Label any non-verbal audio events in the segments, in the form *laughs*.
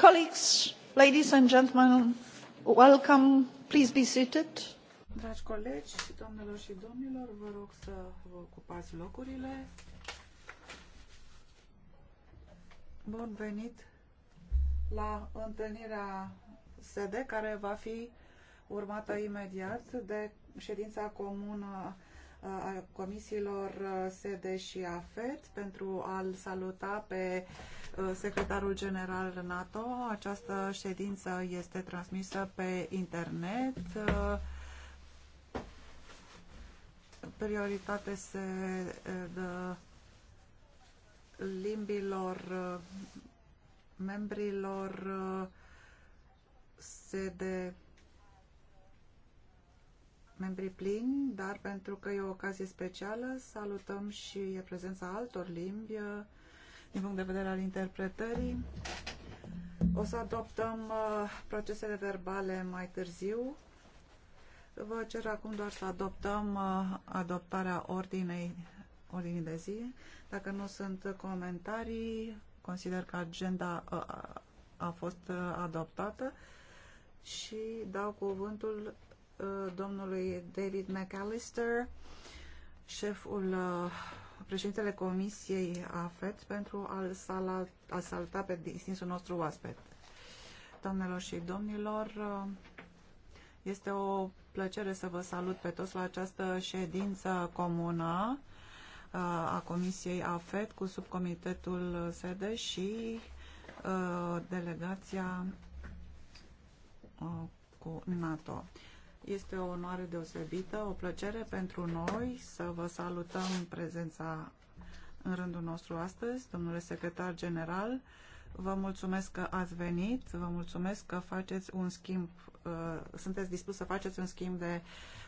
Colleagues, ladies and gentlemen, welcome. Please be seated. Dragi colegi, doamnelor și domnilor, vă rog să vă ocupați locurile. Bun venit la întâlnirea SED care va fi urmată imediat de ședința comună uh, a comisiilor uh, SED și AFET pentru a-l saluta pe Uh, secretarul general NATO. Această ședință este transmisă pe internet. Uh, prioritate se uh, dă limbilor membrilor se de membri plini, dar pentru că e o ocazie specială, salutăm și prezența altor limbi din punct de vedere al interpretării. O să adoptăm uh, procesele verbale mai târziu. Vă cer acum doar să adoptăm uh, adoptarea ordinei, ordinii de zi. Dacă nu sunt comentarii, consider că agenda uh, a fost uh, adoptată și dau cuvântul uh, domnului David McAllister, șeful uh, președintele Comisiei AFET pentru a-l salta pe distinsul nostru oaspet. Doamnelor și domnilor, este o plăcere să vă salut pe toți la această ședință comună a Comisiei AFET cu subcomitetul SEDE și delegația cu NATO. Este o onoare deosebită, o plăcere pentru noi să vă salutăm în prezența în rândul nostru astăzi, domnule secretar general. Vă mulțumesc că ați venit, vă mulțumesc că faceți un schimb, uh, sunteți dispus să faceți un schimb de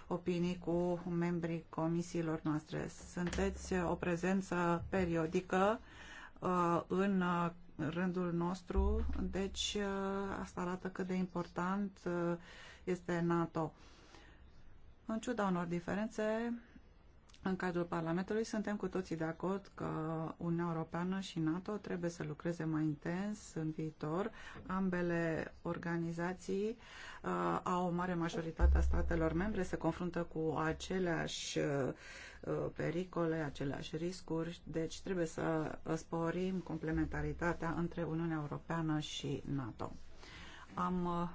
opinii cu membrii comisiilor noastre. Sunteți uh, o prezență periodică uh, în rândul nostru, deci asta arată cât de important uh, este NATO. În ciuda unor diferențe, în cadrul Parlamentului suntem cu toții de acord că Uniunea Europeană și NATO trebuie să lucreze mai intens în viitor. Ambele organizații uh, au o mare majoritate a statelor membre, se confruntă cu aceleași uh, pericole, aceleași riscuri, deci trebuie să sporim complementaritatea între Uniunea Europeană și NATO. Am uh,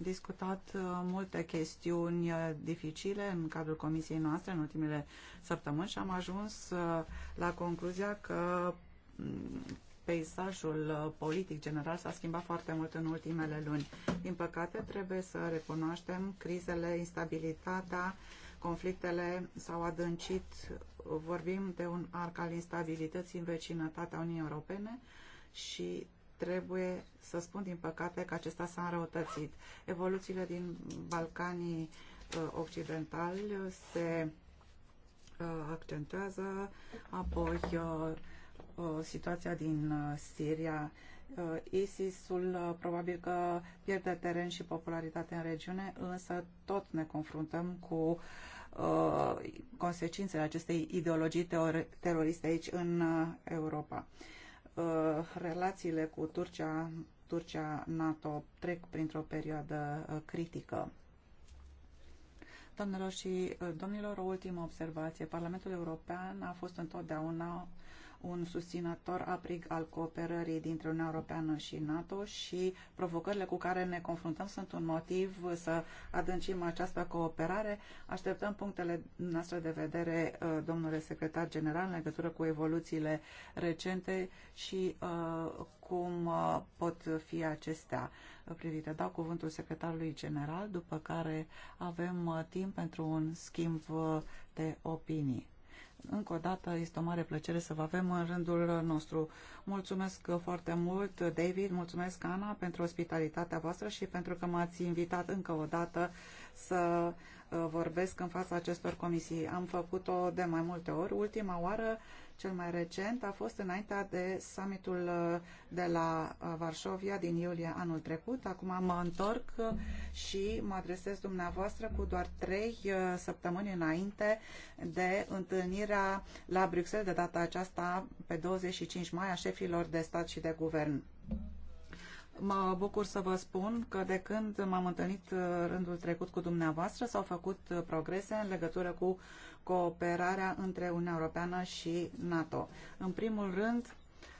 discutat uh, multe chestiuni uh, dificile în cadrul comisiei noastre în ultimele săptămâni și am ajuns uh, la concluzia că mm, peisajul politic general s-a schimbat foarte mult în ultimele luni. Din păcate, trebuie să recunoaștem crizele, instabilitatea, conflictele s-au adâncit. Vorbim de un arc al instabilității în vecinătatea Uniunii Europene și trebuie să spun din păcate că acesta s-a înrăutățit. Evoluțiile din Balcanii uh, Occidentali uh, se uh, accentuează, apoi situația din Siria. ISIS-ul probabil că pierde teren și popularitate în regiune, însă tot ne confruntăm cu consecințele acestei ideologii teroriste aici în Europa. Uh, relațiile cu Turcia, Turcia-NATO trec printr-o perioadă uh, critică. Doamnelor și uh, domnilor, o ultimă observație. Parlamentul European a fost întotdeauna un susținător aprig al cooperării dintre Uniunea Europeană și NATO și provocările cu care ne confruntăm sunt un motiv să adâncim această cooperare. Așteptăm punctele noastre de vedere, uh, domnule secretar general, în legătură cu evoluțiile recente și uh, cum uh, pot fi acestea privite. Dau cuvântul secretarului general, după care avem timp pentru un schimb de opinii. Încă o dată este o mare plăcere să vă avem în rândul nostru. Mulțumesc foarte mult, David, mulțumesc, Ana, pentru ospitalitatea voastră și pentru că m-ați invitat încă o dată să uh, vorbesc în fața acestor comisii. Am făcut-o de mai multe ori. Ultima oară cel mai recent a fost înaintea de summitul uh, de la uh, Varșovia din iulie anul trecut. Acum mă întorc uh, și mă adresez dumneavoastră cu doar trei săptămâni înainte de întâlnirea la Bruxelles de data aceasta pe 25 mai a șefilor de stat și de guvern. Mă bucur să vă spun că de când m-am întâlnit rândul trecut cu dumneavoastră s-au făcut progrese în legătură cu cooperarea între Uniunea Europeană și NATO. În primul rând,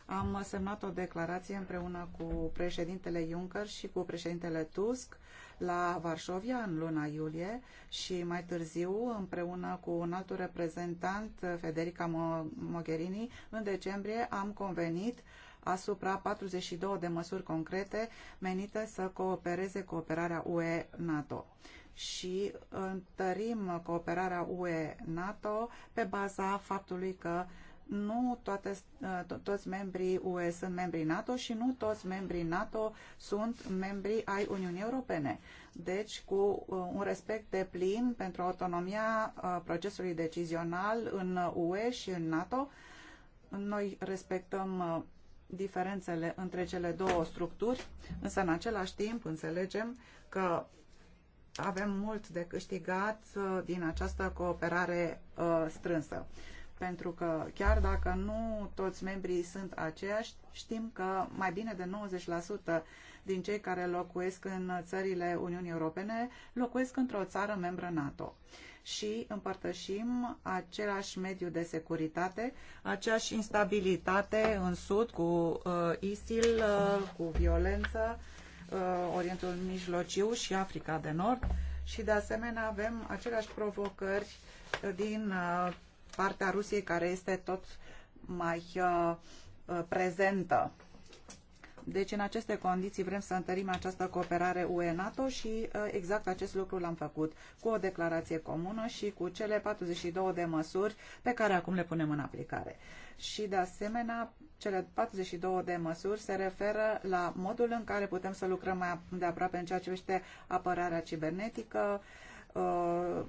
am semnat o declarație împreună cu președintele Juncker și cu președintele Tusk la Varșovia în luna iulie și mai târziu împreună cu un alt reprezentant, Federica Mogherini, în decembrie am convenit asupra 42 de măsuri concrete menite să coopereze cooperarea UE-NATO și întărim cooperarea UE-NATO pe baza faptului că nu toate, to toți membrii UE sunt membrii NATO și nu toți membrii NATO sunt membrii ai Uniunii Europene. Deci, cu uh, un respect de plin pentru autonomia uh, procesului decizional în UE și în NATO, noi respectăm uh, diferențele între cele două structuri, însă în același timp înțelegem că avem mult de câștigat uh, din această cooperare uh, strânsă. Pentru că chiar dacă nu toți membrii sunt aceiași, știm că mai bine de 90% din cei care locuiesc în țările Uniunii Europene locuiesc într-o țară membră NATO și împărtășim același mediu de securitate, aceeași instabilitate în sud cu uh, ISIL, uh, cu violență, uh, Uh, Orientul Mijlociu și Africa de Nord și de asemenea avem aceleași provocări din uh, partea Rusiei care este tot mai uh, prezentă. Deci în aceste condiții vrem să întărim această cooperare UE-NATO și exact acest lucru l-am făcut cu o declarație comună și cu cele 42 de măsuri pe care acum le punem în aplicare. Și de asemenea cele 42 de măsuri se referă la modul în care putem să lucrăm mai de aproape în ceea ce privește apărarea cibernetică, uh,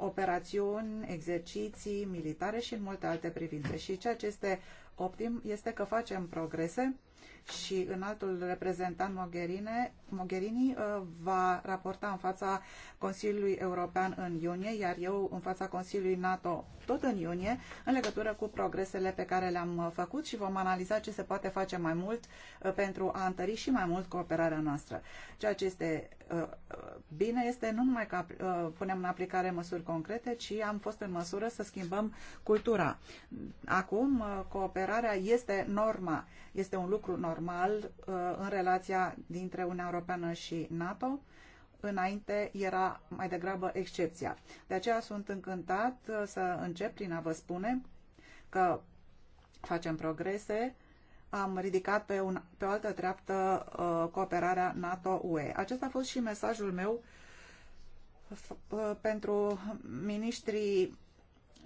operațiuni, exerciții militare și în multe alte privințe. Și ceea ce este optim este că facem progrese și înaltul reprezentant Mogherini uh, va raporta în fața Consiliului European în iunie, iar eu în fața Consiliului NATO tot în iunie, în legătură cu progresele pe care le-am uh, făcut și vom analiza ce se poate face mai mult uh, pentru a întări și mai mult cooperarea noastră. Ceea ce este bine este nu numai că punem în aplicare măsuri concrete, ci am fost în măsură să schimbăm cultura. Acum, cooperarea este norma, este un lucru normal normal uh, în relația dintre Uniunea Europeană și NATO. Înainte era mai degrabă excepția. De aceea sunt încântat uh, să încep prin a vă spune că facem progrese, am ridicat pe, un, pe o altă treaptă uh, cooperarea NATO-UE. Acesta a fost și mesajul meu uh, pentru ministrii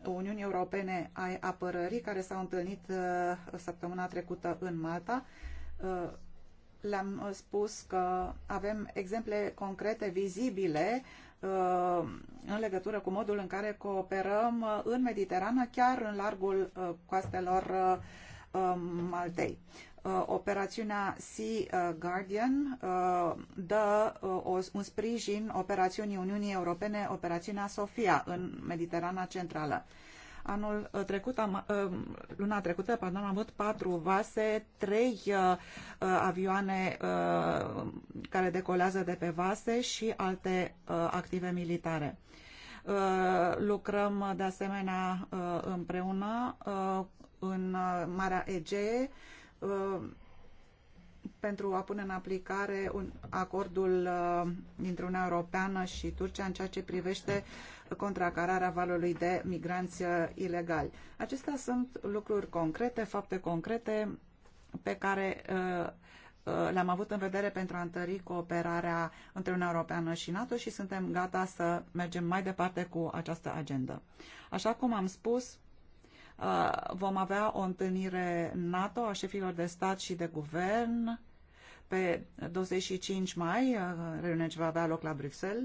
Uniunii Europene ai apărării care s-au întâlnit uh, săptămâna trecută în Malta Uh, le-am uh, spus că avem exemple concrete, vizibile, uh, în legătură cu modul în care cooperăm în Mediterană, chiar în largul coastelor um, Maltei. Operațiunea Sea Guardian dă un sprijin operațiunii Uniunii Europene, operațiunea Sofia, în Mediterana Centrală. Anul uh, trecut am, uh, luna trecută pardon, am avut patru vase, trei uh, avioane care decolează de pe vase și alte active militare. Lucrăm de asemenea împreună în Marea Egee pentru a pune în aplicare un acordul uh, dintre Uniunea Europeană și Turcia în ceea ce privește contracararea valului de migranți uh, ilegali. Acestea sunt lucruri concrete, fapte concrete pe care uh, le-am avut în vedere pentru a întări cooperarea între Uniunea Europeană și NATO și suntem gata să mergem mai departe cu această agendă. Așa cum am spus, Uh, vom avea o întâlnire NATO a șefilor de stat și de guvern pe 25 mai, uh, reuniunea ce va avea loc la Bruxelles.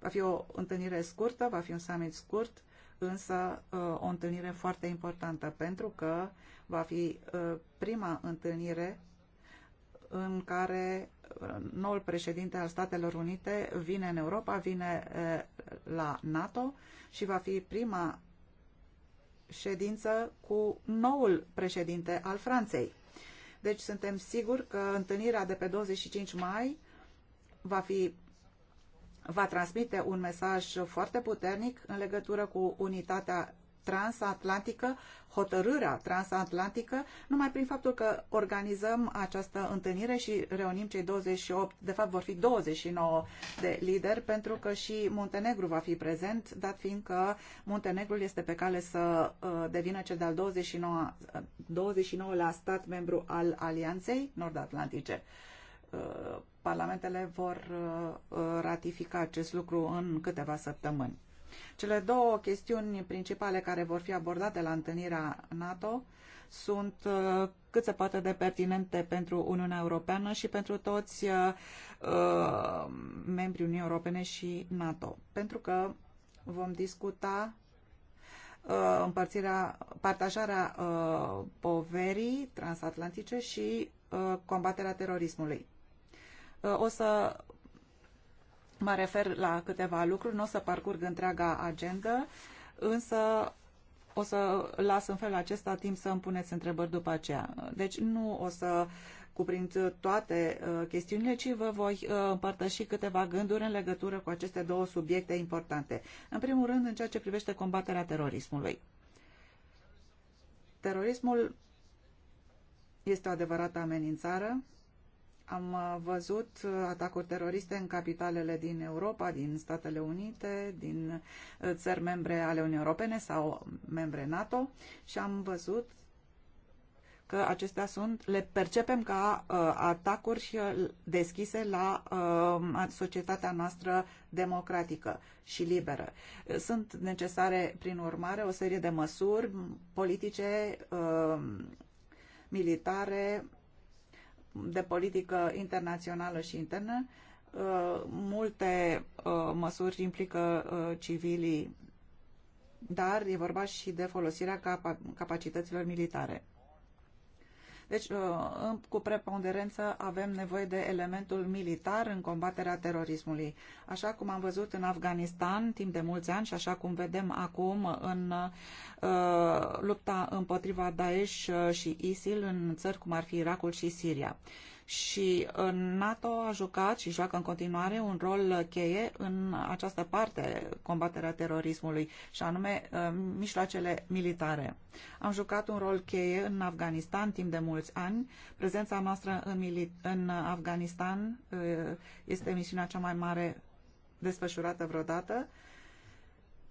Va fi o întâlnire scurtă, va fi un summit scurt, însă uh, o întâlnire foarte importantă pentru că va fi prima întâlnire în care noul președinte al Statelor Unite vine în Europa, vine la NATO și va fi prima ședință cu noul președinte al Franței. Deci suntem siguri că întâlnirea de pe 25 mai va fi va transmite un mesaj foarte puternic în legătură cu unitatea transatlantică, hotărârea transatlantică, numai prin faptul că organizăm această întâlnire și reunim cei 28, de fapt vor fi 29 de lideri, pentru că și Muntenegru va fi prezent, dat fiind că Muntenegru este pe cale să uh, devină cel de-al 29, 29-lea uh, stat membru al Alianței Nord-Atlantice. Uh, parlamentele vor ratifica acest lucru în câteva săptămâni. Cele două chestiuni principale care vor fi abordate la întâlnirea NATO sunt uh, cât se poate de pertinente pentru Uniunea Europeană și pentru toți uh, membrii Uniunii Europene și NATO. Pentru că vom discuta uh, împărțirea, partajarea uh, poverii transatlantice și uh, combaterea terorismului. Uh, o să Mă refer la câteva lucruri, nu o să parcurg întreaga agenda, însă o să las în felul acesta timp să îmi puneți întrebări după aceea. Deci nu o să cuprind toate uh, chestiunile, ci vă voi uh, împărtăși câteva gânduri în legătură cu aceste două subiecte importante. În primul rând, în ceea ce privește combaterea terorismului. Terorismul este o adevărată amenințare am uh, văzut uh, atacuri teroriste în capitalele din Europa, din Statele Unite, din uh, țări membre ale Uniunii Europene sau membre NATO și am văzut că acestea sunt, le percepem ca uh, atacuri deschise la uh, societatea noastră democratică și liberă. Sunt necesare, prin urmare, o serie de măsuri politice, uh, militare, de politică internațională și internă, uh, multe uh, măsuri implică uh, civilii, dar e vorba și de folosirea capacităților militare. Deci, uh, cu preponderență, avem nevoie de elementul militar în combaterea terorismului. Așa cum am văzut în Afganistan timp de mulți ani și așa cum vedem acum în uh, lupta împotriva Daesh uh, și ISIL în țări cum ar fi Irakul și Siria și uh, NATO a jucat și joacă în continuare un rol cheie în această parte, combaterea terorismului, și anume uh, mijloacele militare. Am jucat un rol cheie în Afganistan timp de mulți ani. Prezența noastră în, în Afganistan uh, este misiunea cea mai mare desfășurată vreodată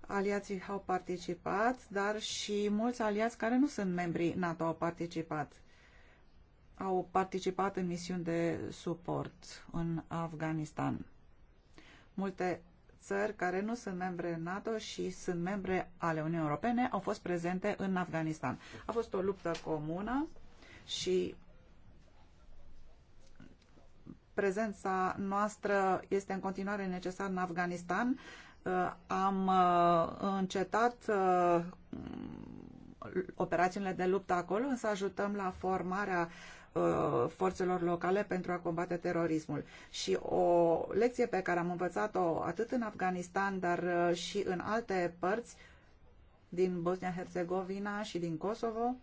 aliații au participat, dar și mulți aliați care nu sunt membri NATO au participat au participat în misiuni de suport în Afganistan. Multe țări care nu sunt membre NATO și sunt membre ale Uniunii Europene au fost prezente în Afganistan. A fost o luptă comună și prezența noastră este în continuare necesară în Afganistan. Uh, am uh, încetat uh, operațiunile de luptă acolo, însă ajutăm la formarea Uh, forțelor locale pentru a combate terorismul. Și o lecție pe care am învățat-o atât în Afganistan, dar uh, și în alte părți din Bosnia-Herzegovina și din Kosovo,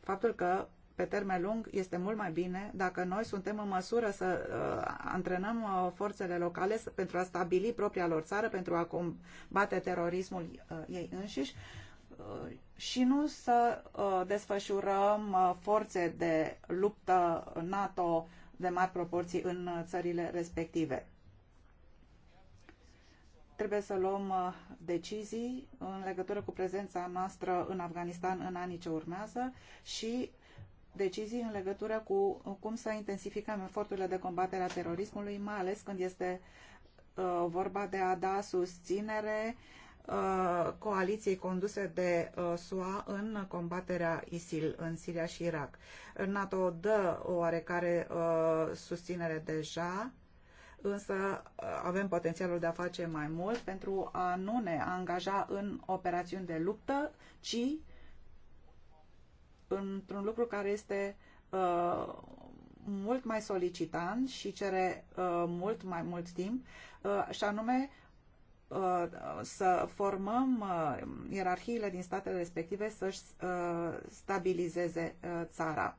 faptul că pe termen lung este mult mai bine dacă noi suntem în măsură să uh, antrenăm uh, forțele locale pentru a stabili propria lor țară, pentru a combate terorismul uh, ei înșiși Uh, și nu să uh, desfășurăm uh, forțe de luptă NATO de mari proporții în țările respective. Trebuie să luăm decizii în legătură cu prezența noastră în Afganistan în anii ce urmează și decizii în legătură cu cum să intensificăm eforturile de combatere a terorismului, mai ales când este vorba de a da susținere uh, Uh, coaliției conduse de uh, SUA în combaterea ISIL în Siria și Irak. NATO dă oarecare uh, susținere deja, însă avem potențialul de a face mai mult pentru a nu ne angaja în operațiuni de luptă, ci într-un lucru care este mult mai solicitant și cere mult mai mult timp, și anume Uh, să formăm uh, ierarhiile din statele respective să-și uh, stabilizeze țara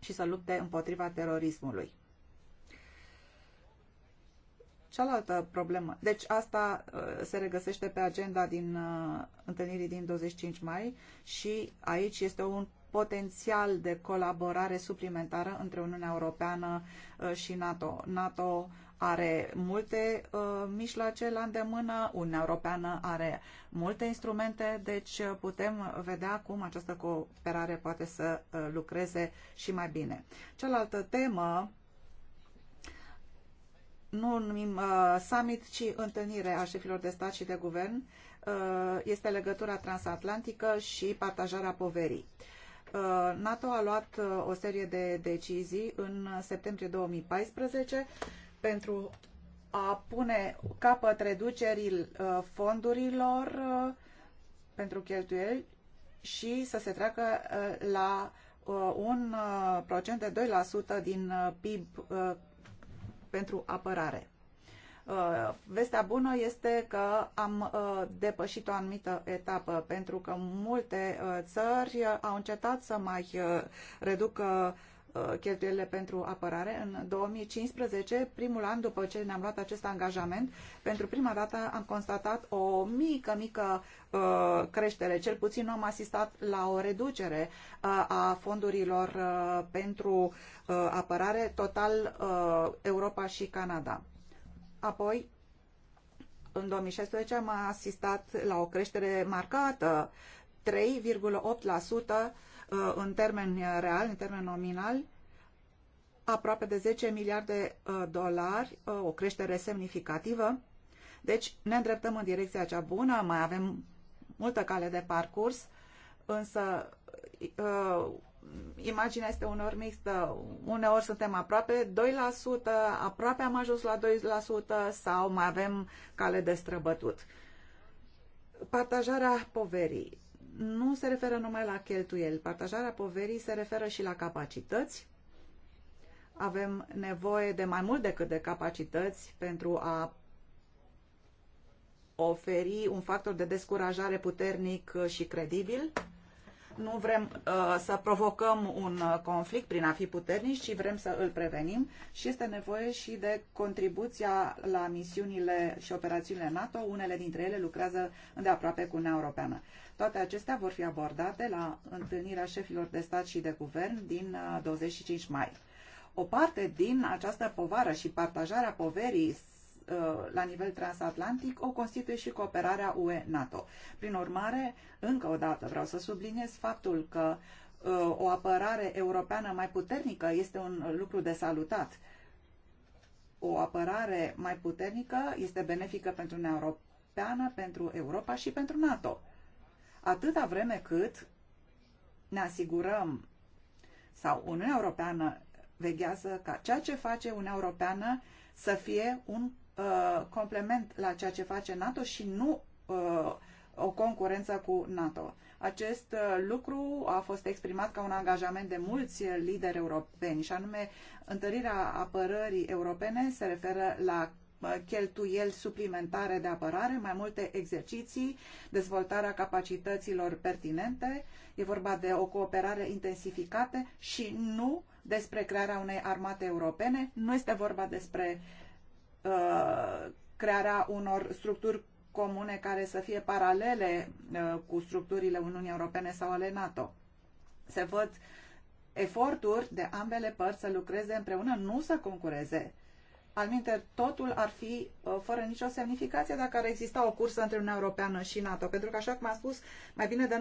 și să lupte împotriva terorismului. Cealaltă problemă. Deci asta se regăsește pe agenda din întâlnirii din 25 mai și aici este un potențial de colaborare suplimentară între Uniunea Europeană și NATO. NATO are multe uh, mijloace la îndemână, Uniunea Europeană are multe instrumente, deci uh, putem vedea cum această cooperare poate să uh, lucreze și mai bine. Cealaltă temă, nu numim uh, summit, ci întâlnire a șefilor de stat și de guvern, uh, este legătura transatlantică și partajarea poverii. Uh, NATO a luat uh, o serie de decizii în septembrie 2014 pentru a pune capăt reducerii uh, fondurilor uh, pentru cheltuieli și să se treacă uh, la un procent de 2% din PIB pentru apărare. Vestea bună este că am depășit o anumită etapă, pentru că multe țări au încetat să mai reducă Uh, cheltuielile pentru apărare. În 2015, primul an după ce ne-am luat acest angajament, pentru prima dată am constatat o mică, mică uh, creștere. Cel puțin nu am asistat la o reducere uh, a fondurilor pentru apărare, total Europa și Canada. Apoi, în 2016 am asistat la o creștere marcată, 3,8% Uh, în termeni uh, real, în termeni nominal, aproape de 10 miliarde de uh, dolari, o creștere semnificativă. Deci ne îndreptăm în direcția cea bună, mai avem multă cale de parcurs, însă imaginea este unor mixtă. Uneori suntem aproape 2%, aproape am ajuns la 2% sau mai avem cale de străbătut. Partajarea poverii nu se referă numai la cheltuieli. Partajarea poverii se referă și la capacități. Avem nevoie de mai mult decât de capacități pentru a oferi un factor de descurajare puternic și credibil nu vrem uh, să provocăm un uh, conflict prin a fi puternici, ci vrem să îl prevenim și este nevoie și de contribuția la misiunile și operațiunile NATO. Unele dintre ele lucrează îndeaproape cu Uniunea Europeană. Toate acestea vor fi abordate la întâlnirea șefilor de stat și de guvern din uh, 25 mai. O parte din această povară și partajarea poverii Uh, la nivel transatlantic o constituie și cooperarea UE-NATO. Prin urmare, încă o dată vreau să subliniez faptul că uh, o apărare europeană mai puternică este un lucru de salutat. O apărare mai puternică este benefică pentru Uniunea Europeană, pentru Europa și pentru NATO. Atâta vreme cât ne asigurăm sau Uniunea Europeană veghează ca ceea ce face Uniunea Europeană să fie un Uh, complement la ceea ce face NATO și nu uh, o concurență cu NATO. Acest uh, lucru a fost exprimat ca un angajament de mulți lideri europeni și anume întărirea apărării europene se referă la uh, cheltuieli suplimentare de apărare, mai multe exerciții, dezvoltarea capacităților pertinente, e vorba de o cooperare intensificată și nu despre crearea unei armate europene, nu este vorba despre Uh, crearea unor structuri comune care să fie paralele uh, cu structurile Uniunii Europene sau ale NATO. Se văd eforturi de ambele părți să lucreze împreună, nu să concureze Alminter, totul ar fi uh, fără nicio semnificație dacă ar exista o cursă între Uniunea Europeană și NATO, pentru că, așa cum am spus, mai bine de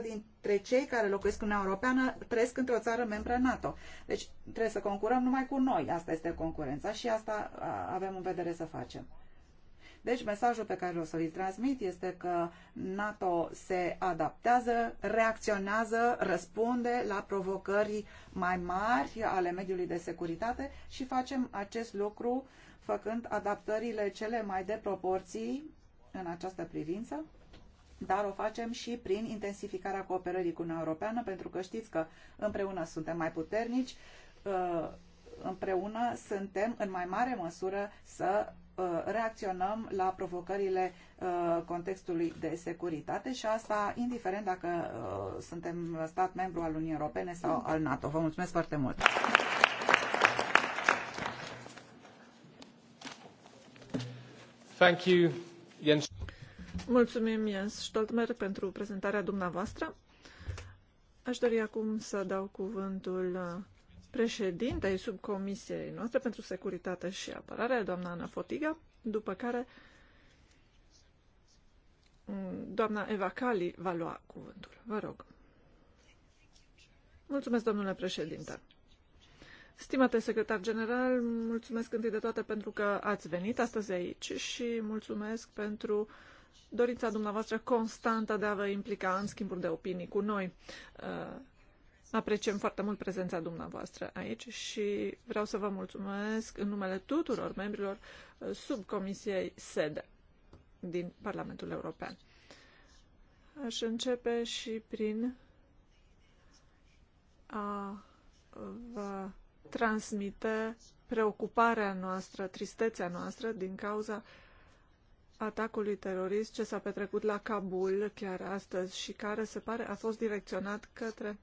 90% dintre cei care locuiesc în Uniunea Europeană trăiesc într-o țară membră NATO. Deci trebuie să concurăm numai cu noi. Asta este concurența și asta uh, avem în vedere să facem. Deci mesajul pe care o să-l transmit este că NATO se adaptează, reacționează, răspunde la provocări mai mari ale mediului de securitate și facem acest lucru făcând adaptările cele mai de proporții în această privință dar o facem și prin intensificarea cooperării cu Uniunea Europeană, pentru că știți că împreună suntem mai puternici, uh, împreună suntem în mai mare măsură să Uh, reacționăm la provocările uh, contextului de securitate și asta indiferent dacă uh, suntem stat membru al Uniunii Europene sau al NATO. Vă mulțumesc foarte mult! Thank you, Jens. Mulțumim, Jens Stoltmer, pentru prezentarea dumneavoastră. Aș dori acum să dau cuvântul președintei subcomisiei noastre pentru securitate și apărare, doamna Ana Fotiga, după care mm, doamna Eva Cali va lua cuvântul. Vă rog. Mulțumesc, domnule președinte. Stimate secretar general, mulțumesc întâi de toate pentru că ați venit astăzi aici și mulțumesc pentru dorința dumneavoastră constantă de a vă implica în schimburi de opinii cu noi. Uh, Apreciem foarte mult prezența dumneavoastră aici și vreau să vă mulțumesc în numele tuturor membrilor uh, subcomisiei SEDE din Parlamentul European. Aș începe și prin a vă transmite preocuparea noastră, tristețea noastră din cauza atacului terorist ce s-a petrecut la Kabul chiar astăzi și care se pare a fost direcționat către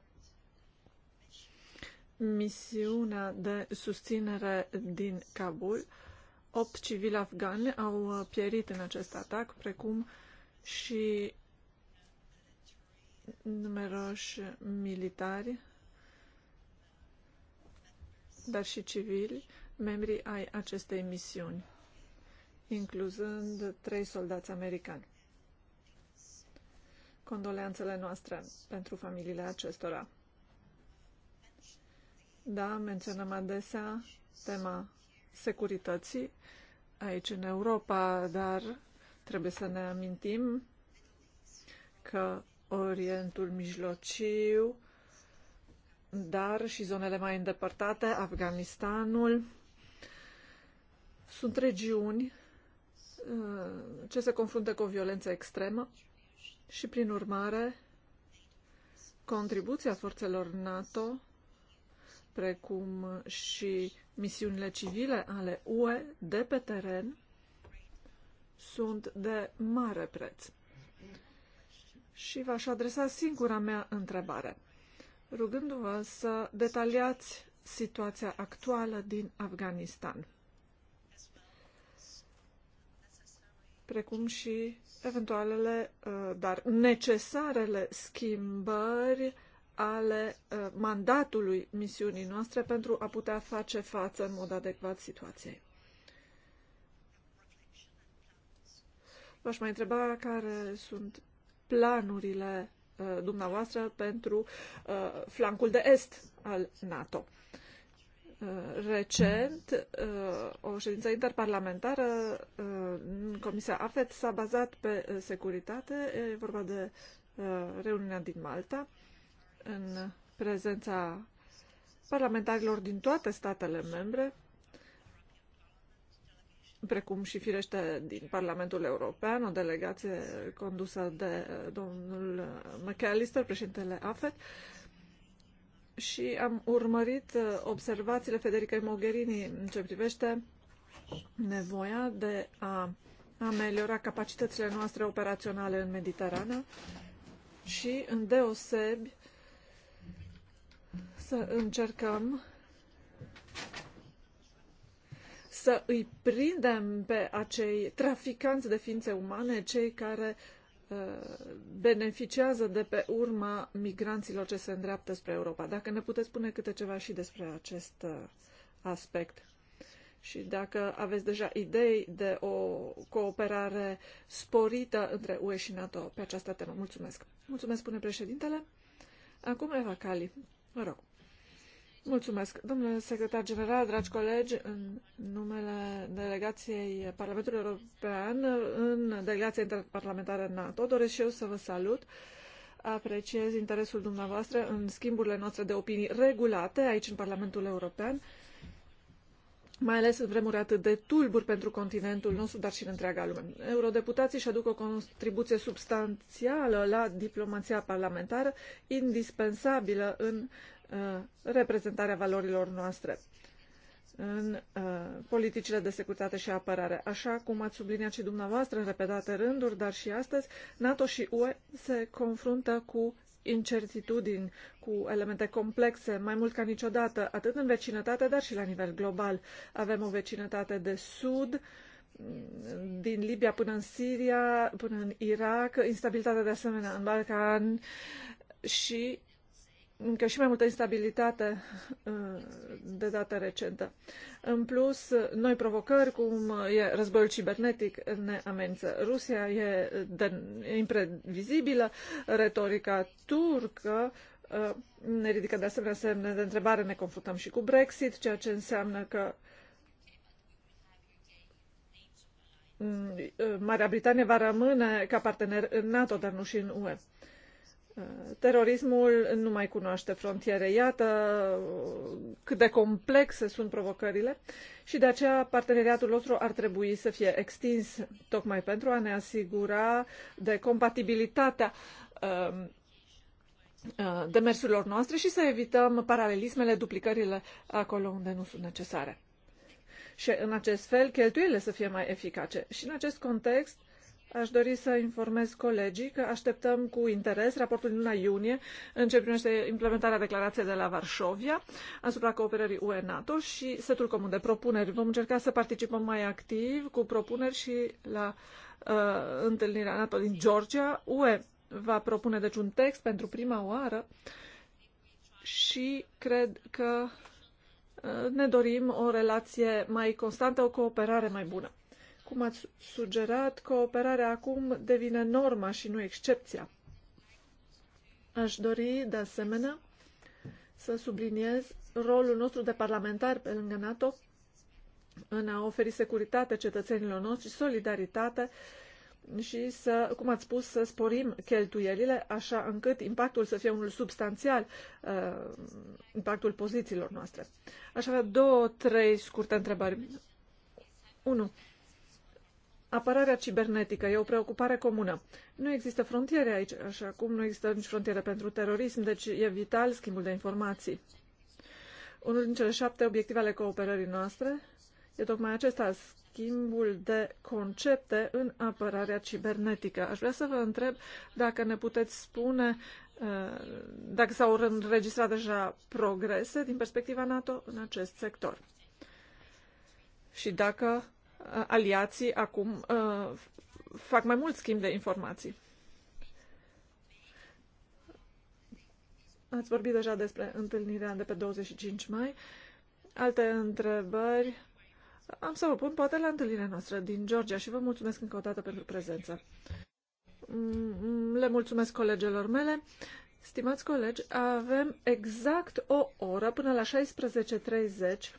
misiunea de susținere din Kabul. Opt civili afgani au uh, pierit în acest atac, precum și numeroși militari, dar și civili, membri ai acestei misiuni, incluzând trei soldați americani. Condoleanțele noastre pentru familiile acestora. Da, menționăm adesea tema securității aici în Europa, dar trebuie să ne amintim că Orientul Mijlociu, dar și zonele mai îndepărtate, Afganistanul, sunt regiuni uh, ce se confruntă cu o violență extremă și, prin urmare, contribuția forțelor NATO precum și misiunile civile ale UE de pe teren, sunt de mare preț. Și v-aș adresa singura mea întrebare, rugându-vă să detaliați situația actuală din Afganistan, precum și eventualele, uh, dar necesarele schimbări ale eh, mandatului misiunii noastre pentru a putea face față în mod adecvat situației. V-aș mai întreba care sunt planurile eh, dumneavoastră pentru eh, flancul de est al NATO. Recent, o ședință interparlamentară în Comisia AFET s-a bazat pe securitate, e vorba de reuniunea din Malta, în prezența parlamentarilor din toate statele membre, precum și firește din Parlamentul European, o delegație condusă de eh, domnul McAllister, președintele AFET, și am urmărit eh, observațiile Federicăi Mogherini în ce privește nevoia de a ameliora capacitățile noastre operaționale în Mediterană și, în deosebi, să încercăm să îi prindem pe acei traficanți de ființe umane, cei care uh, beneficiază de pe urma migranților ce se îndreaptă spre Europa. Dacă ne puteți spune câte ceva și despre acest uh, aspect. Și dacă aveți deja idei de o cooperare sporită între UE și NATO pe această temă. Mulțumesc. Mulțumesc, spune președintele. Acum Eva Cali. Mă rog. Mulțumesc. Domnule secretar general, dragi colegi, în numele delegației Parlamentului European, în delegația interparlamentară NATO, doresc și eu să vă salut. Apreciez interesul dumneavoastră în schimburile noastre de opinii regulate aici în Parlamentul European, mai ales în vremuri atât de tulburi pentru continentul nostru, dar și în întreaga lume. Eurodeputații și aduc o contribuție substanțială la diplomația parlamentară, indispensabilă în Uh, reprezentarea valorilor noastre în uh, politicile de securitate și apărare. Așa cum ați subliniat și dumneavoastră în repetate rânduri, dar și astăzi, NATO și UE se confruntă cu incertitudini, cu elemente complexe, mai mult ca niciodată, atât în vecinătate, dar și la nivel global. Avem o vecinătate de sud, din Libia până în Siria, până în Irak, instabilitatea de asemenea în Balcan și încă și mai multă instabilitate uh, de dată recentă. În plus, noi provocări, cum e războiul cibernetic, ne amenință. Rusia e, de, imprevizibilă, retorica turcă uh, ne ridică de asemenea semne de întrebare, ne confruntăm și cu Brexit, ceea ce înseamnă că mm, Marea Britanie va rămâne ca partener în NATO, dar nu și în UE. Terorismul nu mai cunoaște frontiere. Iată cât de complexe sunt provocările și de aceea parteneriatul nostru ar trebui să fie extins tocmai pentru a ne asigura de compatibilitatea um, uh, demersurilor noastre și să evităm paralelismele, duplicările acolo unde nu sunt necesare. Și în acest fel cheltuielile să fie mai eficace. Și în acest context Aș dori să informez colegii că așteptăm cu interes raportul din luna iunie în ce privește implementarea declarației de la Varșovia asupra cooperării UE-NATO și setul comun de propuneri. Vom încerca să participăm mai activ cu propuneri și la uh, întâlnirea NATO din Georgia. UE va propune deci un text pentru prima oară și cred că uh, ne dorim o relație mai constantă, o cooperare mai bună. Cum ați sugerat, cooperarea acum devine norma și nu excepția. Aș dori, de asemenea, să subliniez rolul nostru de parlamentar pe lângă NATO în a oferi securitate cetățenilor noștri, solidaritate și să, cum ați spus, să sporim cheltuielile, așa încât impactul să fie unul substanțial, uh, impactul pozițiilor noastre. Aș avea două, trei scurte întrebări. 1. Apărarea cibernetică e o preocupare comună. Nu există frontiere aici, așa cum nu există nici frontiere pentru terorism, deci e vital schimbul de informații. Unul din cele șapte obiective ale cooperării noastre e tocmai acesta, schimbul de concepte în apărarea cibernetică. Aș vrea să vă întreb dacă ne puteți spune uh, dacă s-au înregistrat deja progrese din perspectiva NATO în acest sector și dacă Uh, aliații acum uh, fac mai mult schimb de informații. Ați vorbit deja despre întâlnirea de pe 25 mai. Alte întrebări am să vă pun poate la întâlnirea noastră din Georgia și vă mulțumesc încă o dată pentru prezență. Mm, le mulțumesc colegelor mele. Stimați colegi, avem exact o oră până la 16.30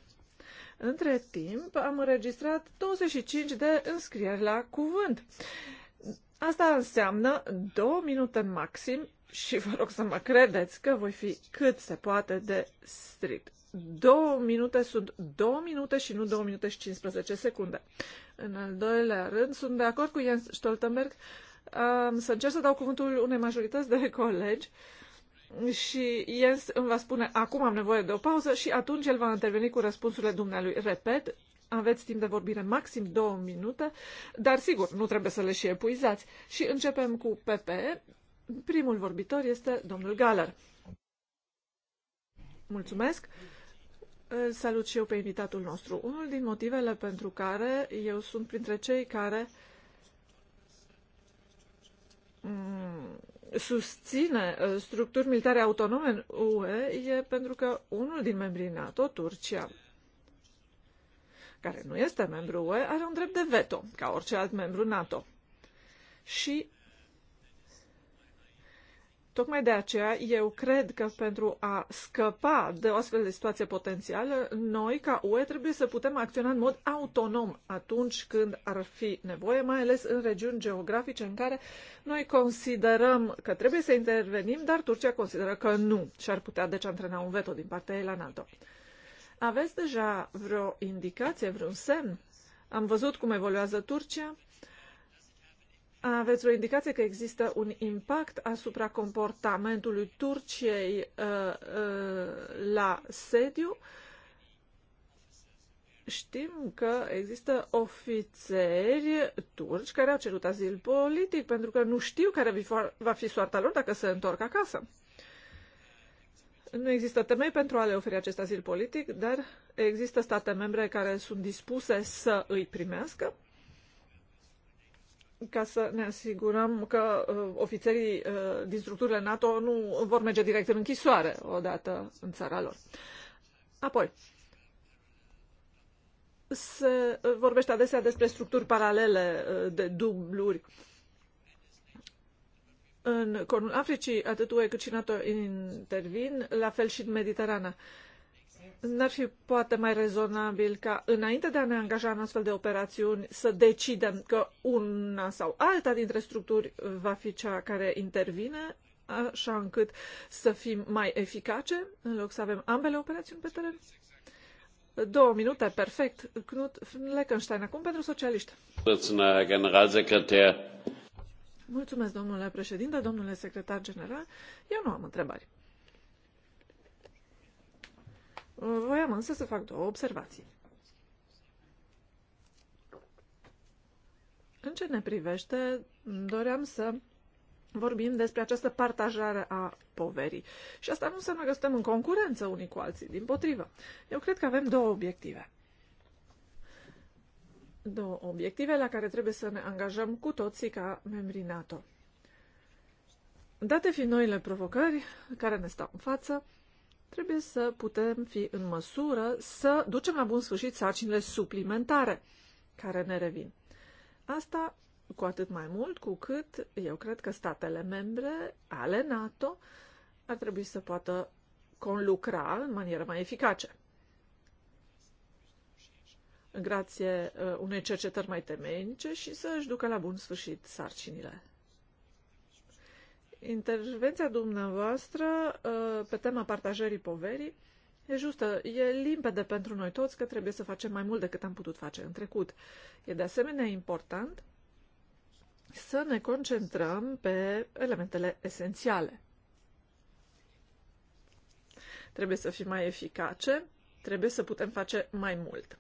între timp, am înregistrat 25 de înscrieri la cuvânt. Asta înseamnă două minute maxim și vă rog să mă credeți că voi fi cât se poate de strict. Două minute sunt două minute și nu două minute și 15 secunde. În al doilea rând, sunt de acord cu Jens Stoltenberg să încerc să dau cuvântul unei majorități de colegi uh, și Jens îmi va spune acum am nevoie de o pauză și atunci el va interveni cu răspunsurile dumnealui. Repet, aveți timp de vorbire maxim două minute, dar sigur, nu trebuie să le și epuizați. Și începem cu PP. Primul vorbitor este domnul Galer. Mulțumesc! Îl salut și eu pe invitatul nostru. Unul din motivele pentru care eu sunt printre cei care mm, susține uh, structuri militare autonome în UE e pentru că unul din membrii NATO, Turcia, care nu este membru UE, are un drept de veto, ca orice alt membru NATO. Și Tocmai de aceea, eu cred că pentru a scăpa de o astfel de situație potențială, noi, ca UE, trebuie să putem acționa în mod autonom atunci când ar fi nevoie, mai ales în regiuni geografice în care noi considerăm că trebuie să intervenim, dar Turcia consideră că nu și ar putea deci antrena un veto din partea ei la NATO. Aveți deja vreo indicație, vreun semn? Am văzut cum evoluează Turcia aveți o indicație că există un impact asupra comportamentului Turciei uh, uh, la sediu? Știm că există ofițeri turci care au cerut azil politic pentru că nu știu care va fi soarta lor dacă se întorc acasă. Nu există temei pentru a le oferi acest azil politic, dar există state membre care sunt dispuse să îi primească ca să ne asigurăm că uh, ofițerii uh, din structurile NATO nu vor merge direct în închisoare odată în țara lor. Apoi, se uh, vorbește adesea despre structuri paralele uh, de dubluri. În Cornul Africii, atât UE cât și NATO intervin, la fel și în Mediterana. Uh, N-ar fi poate mai rezonabil ca înainte de a ne angaja în astfel de operațiuni să decidem că una sau alta dintre structuri va fi cea care intervine, așa încât să fim mai eficace, în loc să avem ambele operațiuni pe teren? Două minute, perfect. Knut Leckenstein, acum pentru socialiști. Mulțumesc, domnule președinte, domnule secretar general. Eu nu am întrebări. Voiam însă să fac două observații. În ce ne privește, doream să vorbim despre această partajare a poverii. Și asta nu înseamnă că suntem în concurență unii cu alții, din potrivă. Eu cred că avem două obiective. Două obiective la care trebuie să ne angajăm cu toții ca membrii NATO. Date fiind noile provocări care ne stau în față, trebuie să putem fi în măsură să ducem la bun sfârșit sarcinile suplimentare care ne revin. Asta cu atât mai mult cu cât eu cred că statele membre ale NATO ar trebui să poată conlucra în manieră mai eficace. Grație uh, unei cercetări mai temeinice și să și ducă la bun sfârșit sarcinile intervenția dumneavoastră uh, pe tema partajării poverii e justă. E limpede pentru noi toți că trebuie să facem mai mult decât am putut face în trecut. E de asemenea important să ne concentrăm pe elementele esențiale. Trebuie să fim mai eficace, trebuie să putem face mai mult.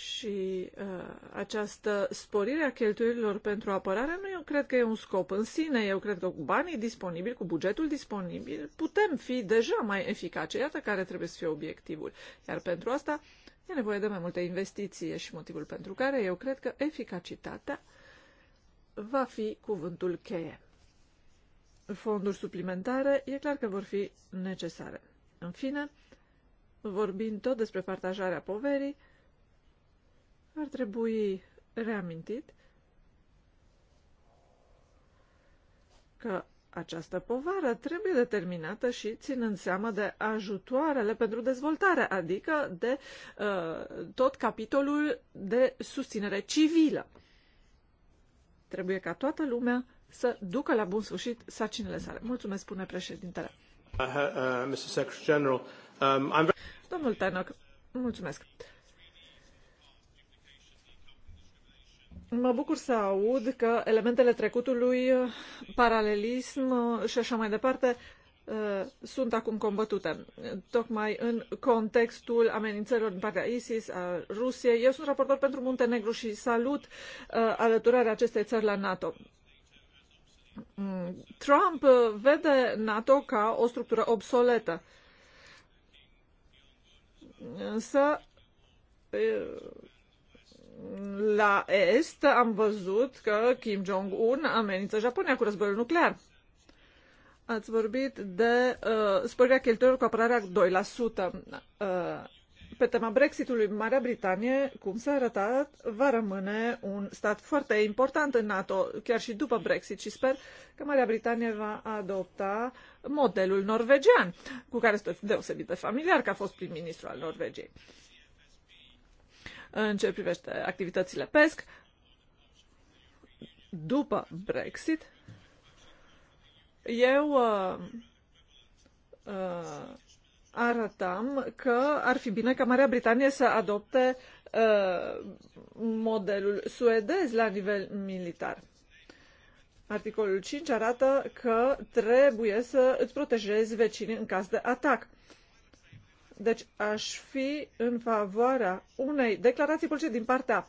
Și uh, această sporire a cheltuielilor pentru apărare nu eu cred că e un scop în sine. Eu cred că cu banii disponibili, cu bugetul disponibil, putem fi deja mai eficace. Iată care trebuie să fie obiectivul. Iar pentru asta e nevoie de mai multe investiții și motivul pentru care eu cred că eficacitatea va fi cuvântul cheie. Fonduri suplimentare e clar că vor fi necesare. În fine, vorbind tot despre partajarea poverii, ar trebui reamintit că această povară trebuie determinată și ținând seama de ajutoarele pentru dezvoltare, adică de uh, tot capitolul de susținere civilă. Trebuie ca toată lumea să ducă la bun sfârșit sacinile sale. Mulțumesc, spune președintele. Uh, uh, Mr. Secretary General, um, I'm... Domnul Tenoc, mulțumesc. Mă bucur să aud că elementele trecutului, paralelism și așa mai departe, uh, sunt acum combătute, tocmai în contextul amenințărilor din partea ISIS, a Rusiei. Eu sunt raportor pentru Muntenegru și salut uh, alăturarea acestei țări la NATO. Mm, Trump uh, vede NATO ca o structură obsoletă. Însă la est am văzut că Kim Jong-un amenință Japonia cu războiul nuclear. Ați vorbit de uh, sporirea cheltuielor cu apărarea 2%. Uh, pe tema Brexitului, Marea Britanie, cum s-a arătat, va rămâne un stat foarte important în NATO, chiar și după Brexit și sper că Marea Britanie va adopta modelul norvegian, cu care sunt deosebit de familiar, că a fost prim-ministru al Norvegiei. Uh, în ce privește activitățile PESC. După Brexit, eu uh, uh, arătam că ar fi bine ca Marea Britanie să adopte uh, modelul suedez la nivel militar. Articolul 5 arată că trebuie să îți protejezi vecinii în caz de atac. Deci aș fi în favoarea unei declarații politice din partea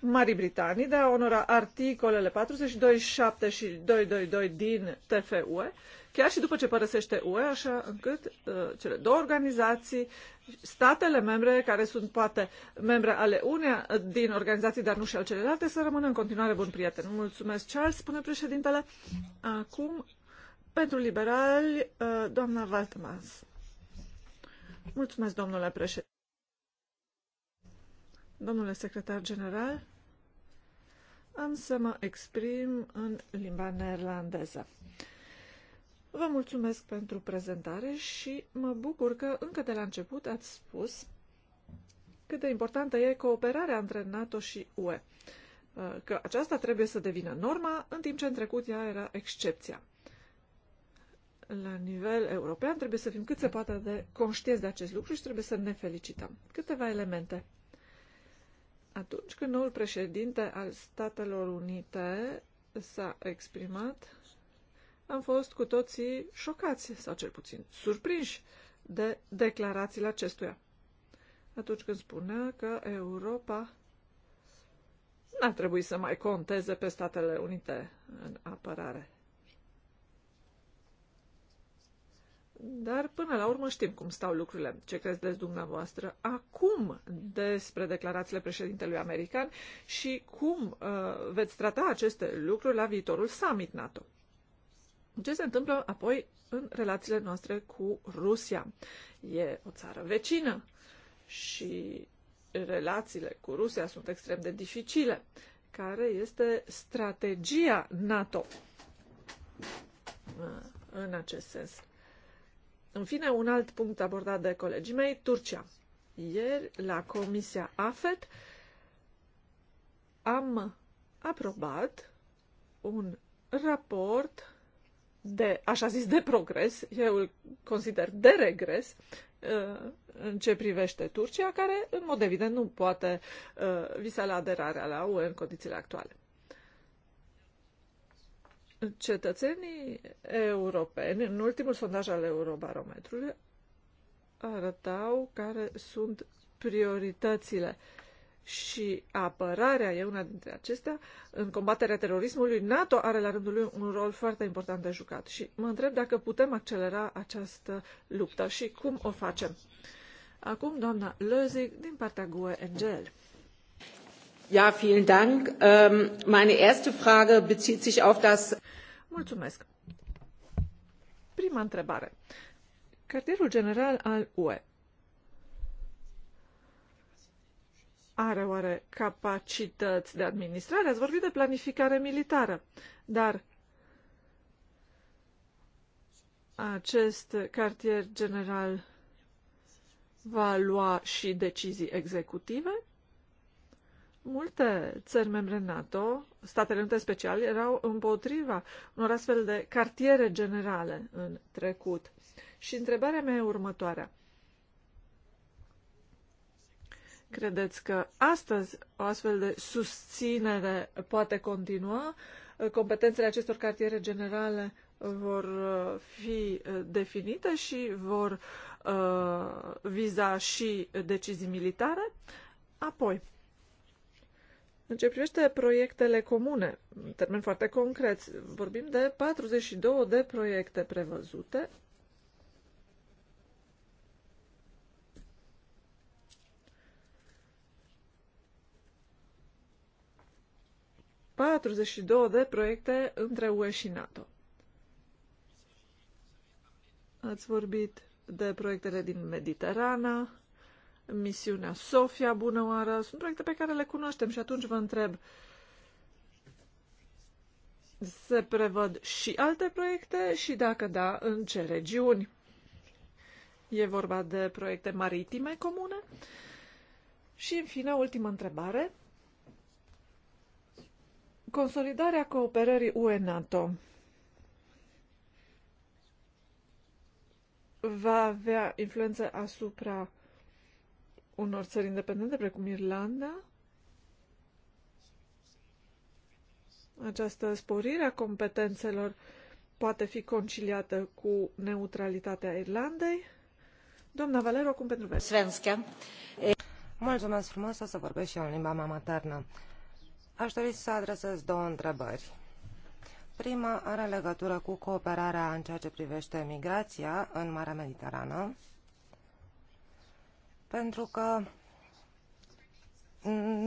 Marii Britanii de a onora articolele 42.7 și 222 din TFUE, chiar și după ce părăsește UE, așa încât uh, cele două organizații, statele membre care sunt poate membre ale uneia uh, din organizații, dar nu și al celelalte, să rămână în continuare bun prieten. Mulțumesc, Charles, spune președintele. Acum, pentru liberali, uh, doamna Valtemans. Mulțumesc, domnule președinte. Domnule secretar general, am să mă exprim în limba neerlandeză. Vă mulțumesc pentru prezentare și mă bucur că încă de la început ați spus cât de importantă e cooperarea între NATO și UE, că aceasta trebuie să devină norma, în timp ce în trecut ea era excepția la nivel european, trebuie să fim cât se poate de conștienți de acest lucru și trebuie să ne felicităm. Câteva elemente. Atunci când noul președinte al Statelor Unite s-a exprimat, am fost cu toții șocați, sau cel puțin surprinși, de declarațiile acestuia. Atunci când spunea că Europa n-ar trebui să mai conteze pe Statele Unite în apărare. Dar până la urmă știm cum stau lucrurile. Ce credeți dumneavoastră acum despre declarațiile președintelui american și cum uh, veți trata aceste lucruri la viitorul summit NATO? Ce se întâmplă apoi în relațiile noastre cu Rusia? E o țară vecină și relațiile cu Rusia sunt extrem de dificile. Care este strategia NATO uh, în acest sens? În fine, un alt punct abordat de colegii mei, Turcia. Ieri, la Comisia AFET, am aprobat un raport de, așa zis, de progres, eu îl consider de regres, uh, în ce privește Turcia, care, în mod evident, nu poate uh, visa la aderarea la UE în condițiile actuale. Cetățenii europeni, în ultimul sondaj al Eurobarometrului, arătau care sunt prioritățile și apărarea e una dintre acestea. În combaterea terorismului, NATO are la rândul lui un rol foarte important de jucat și mă întreb dacă putem accelera această luptă și cum o facem. Acum, doamna Lözig, din partea GUE NGL. Ja, vielen Dank. Ähm, meine erste Frage bezieht sich auf das. Mulțumesc. Prima întrebare. Cartierul general al UE are oare capacități de administrare? Ați vorbit de planificare militară, dar acest cartier general va lua și decizii executive? Multe țări membre NATO, Statele Unite special, erau împotriva unor astfel de cartiere generale în trecut. Și întrebarea mea e următoarea. Credeți că astăzi o astfel de susținere poate continua? Competențele acestor cartiere generale vor uh, fi uh, definite și vor uh, viza și decizii militare? Apoi, în ce privește proiectele comune, în termeni foarte concreți, vorbim de 42 de proiecte prevăzute. ...42 de proiecte între UE și NATO. Ați vorbit de proiectele din Mediterana, misiunea Sofia, bună oară, sunt proiecte pe care le cunoaștem și atunci vă întreb, se prevăd și alte proiecte și dacă da, în ce regiuni? E vorba de proiecte maritime comune? Și, în fine, ultima întrebare. Consolidarea cooperării UE-NATO va avea influență asupra unor țări independente, precum Irlanda, această sporire a competențelor poate fi conciliată cu neutralitatea Irlandei. Doamna Valero, cum pentru vers? Svenska. Mulțumesc frumos, o să vorbesc și eu în limba mea maternă. Aș dori să adresez două întrebări. Prima are legătură cu cooperarea în ceea ce privește migrația în Marea Mediterană pentru că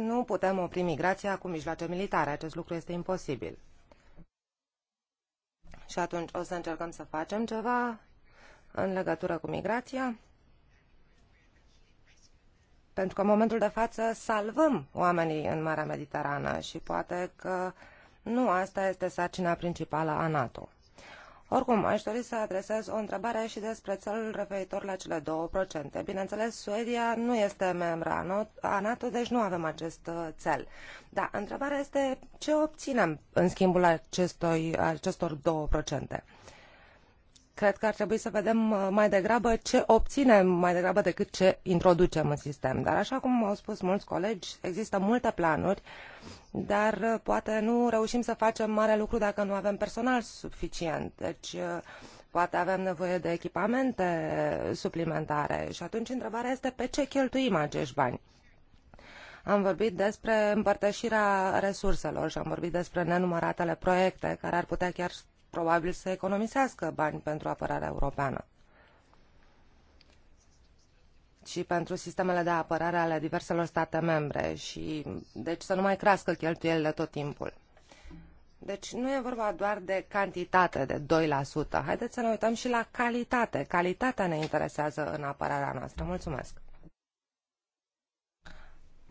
nu putem opri migrația cu mijloace militare. Acest lucru este imposibil. Și atunci o să încercăm să facem ceva în legătură cu migrația. Pentru că în momentul de față salvăm oamenii în Marea Mediterană și poate că nu asta este sarcina principală a NATO. Oricum, aș dori să adresez o întrebare și despre țelul referitor la cele două procente. Bineînțeles, Suedia nu este membra a NATO, deci nu avem acest uh, țel. Dar întrebarea este ce obținem în schimbul acestor, acestor două procente. Cred că ar trebui să vedem uh, mai degrabă ce obținem, mai degrabă decât ce introducem în sistem. Dar așa cum au spus mulți colegi, există multe planuri, dar uh, poate nu reușim să facem mare lucru dacă nu avem personal suficient. Deci uh, poate avem nevoie de echipamente suplimentare și atunci întrebarea este pe ce cheltuim acești bani. Am vorbit despre împărtășirea resurselor și am vorbit despre nenumăratele proiecte care ar putea chiar probabil să economisească bani pentru apărarea europeană și pentru sistemele de apărare ale diverselor state membre și deci să nu mai crească cheltuielile tot timpul. Deci nu e vorba doar de cantitate, de 2%. Haideți să ne uităm și la calitate. Calitatea ne interesează în apărarea noastră. Mulțumesc.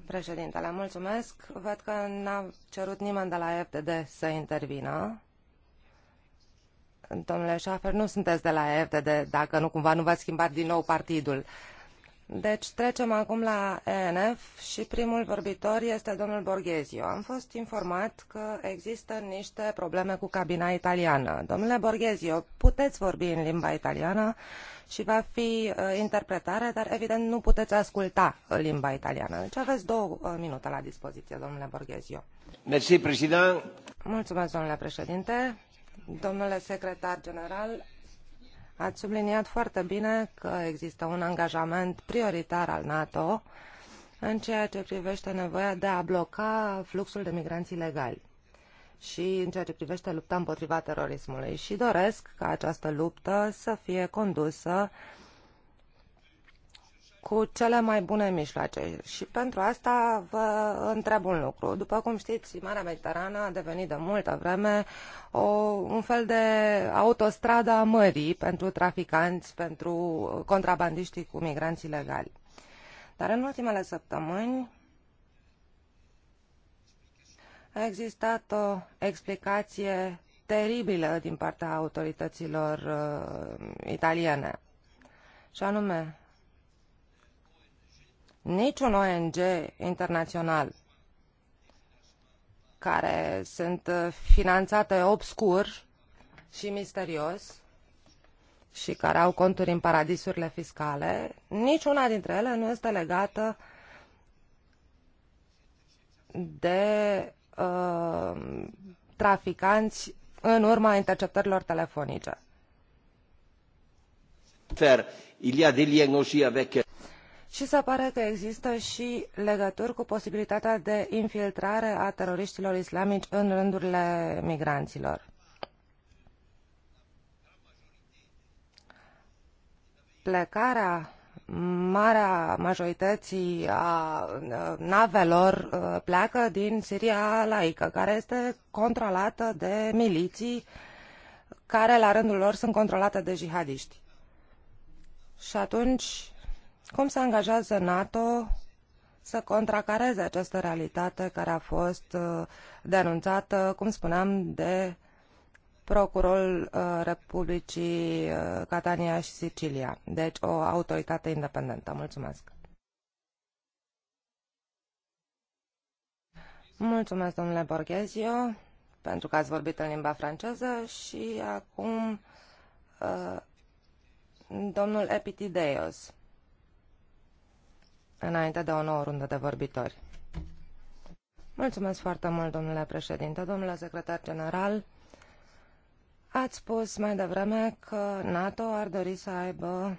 Președintele, mulțumesc. Văd că n-a cerut nimeni de la FDD să intervină domnule Schaffer, nu sunteți de la FDD, dacă nu cumva nu v-ați schimbat din nou partidul. Deci trecem acum la ENF și primul vorbitor este domnul Borghezio. Am fost informat că există niște probleme cu cabina italiană. Domnule Borghezio, puteți vorbi în limba italiană și va fi uh, interpretare, dar evident nu puteți asculta limba italiană. Deci aveți două uh, minute la dispoziție, domnule Borghezio. Mersi, președinte. Mulțumesc, domnule președinte. Domnule secretar general, ați subliniat foarte bine că există un angajament prioritar al NATO în ceea ce privește nevoia de a bloca fluxul de migranți ilegali și în ceea ce privește lupta împotriva terorismului. Și doresc ca această luptă să fie condusă cu cele mai bune mijloace. Și pentru asta vă întreb un lucru. După cum știți, Marea Mediterană a devenit de multă vreme o, un fel de autostradă a mării pentru traficanți, pentru contrabandiștii cu migranți ilegali. Dar în ultimele săptămâni a existat o explicație teribilă din partea autorităților uh, italiene. Și anume, niciun ONG internațional care sunt uh, finanțate obscur și misterios și care au conturi în paradisurile fiscale, niciuna dintre ele nu este legată de uh, traficanți în urma interceptărilor telefonice. Il y a des liens aussi avec și se pare că există și legături cu posibilitatea de infiltrare a teroriștilor islamici în rândurile migranților. Plecarea marea majorității a navelor pleacă din Siria laică, care este controlată de miliții care la rândul lor sunt controlate de jihadiști. Și atunci cum se angajează NATO să contracareze această realitate care a fost uh, denunțată, cum spuneam, de procurorul uh, Republicii uh, Catania și Sicilia. Deci o autoritate independentă. Mulțumesc. Mulțumesc, domnule Borghezio, pentru că ați vorbit în limba franceză și acum domnul Epitideios înainte de o nouă rundă de vorbitori. Mulțumesc foarte mult, domnule președinte, domnule secretar general. Ați spus mai devreme că NATO ar dori să aibă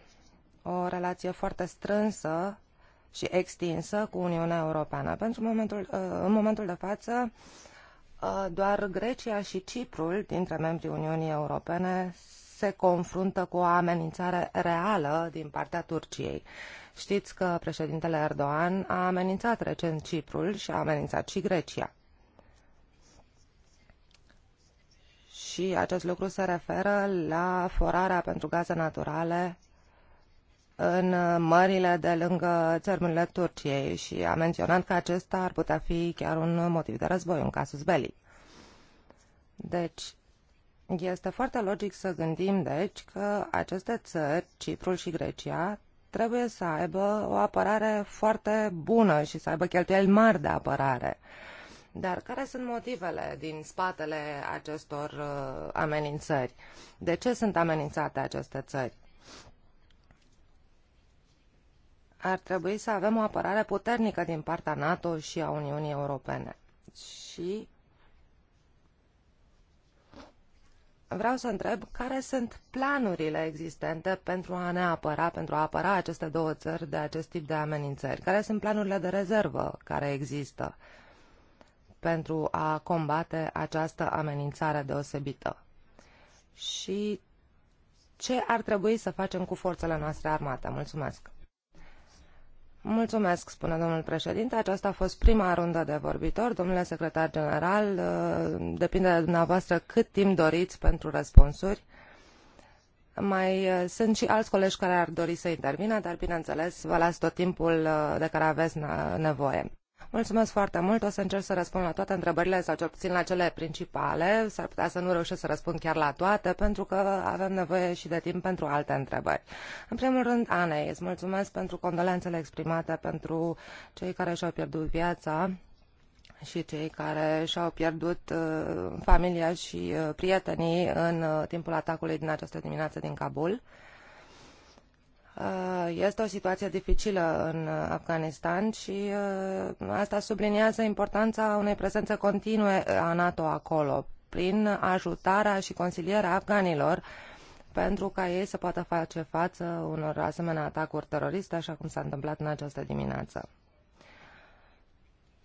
o relație foarte strânsă și extinsă cu Uniunea Europeană. Pentru momentul, uh, în momentul de față, uh, doar Grecia și Ciprul, dintre membrii Uniunii Europene, se confruntă cu o amenințare reală din partea Turciei. Știți că președintele Erdogan a amenințat recent Ciprul și a amenințat și Grecia. Și acest lucru se referă la forarea pentru gaze naturale în mările de lângă țărmurile Turciei și a menționat că acesta ar putea fi chiar un motiv de război, un casus belli. Deci, este foarte logic să gândim, deci, că aceste țări, Ciprul și Grecia, trebuie să aibă o apărare foarte bună și să aibă cheltuieli mari de apărare. Dar care sunt motivele din spatele acestor uh, amenințări? De ce sunt amenințate aceste țări? Ar trebui să avem o apărare puternică din partea NATO și a Uniunii Europene. Și vreau să întreb care sunt planurile existente pentru a ne apăra, pentru a apăra aceste două țări de acest tip de amenințări. Care sunt planurile de rezervă care există pentru a combate această amenințare deosebită? Și ce ar trebui să facem cu forțele noastre armate? Mulțumesc! Mulțumesc, domnul președinte. Aceasta a fost prima rundă de vorbitori. Domnule secretar general, uh, depinde de dumneavoastră cât timp doriți pentru răspunsuri. Mai uh, sunt și alți colegi care ar dori să intervină, dar bineînțeles vă las tot timpul uh, de care aveți nevoie. Mulțumesc foarte mult. O să încerc să răspund la toate întrebările, sau cel puțin la cele principale. S-ar putea să nu reușesc să răspund chiar la toate, pentru că avem nevoie și de timp pentru alte întrebări. În primul rând, Anei, îți mulțumesc pentru condolențele exprimate pentru cei care și-au pierdut viața și cei care și-au pierdut uh, familia și uh, prietenii în uh, timpul atacului din această dimineață din Kabul. Uh, Uh, este o situație dificilă în uh, Afganistan și uh, asta subliniază importanța unei prezențe continue a NATO acolo, prin ajutarea și consilierea afganilor pentru ca ei să poată face față unor asemenea atacuri teroriste, așa cum s-a întâmplat în această dimineață.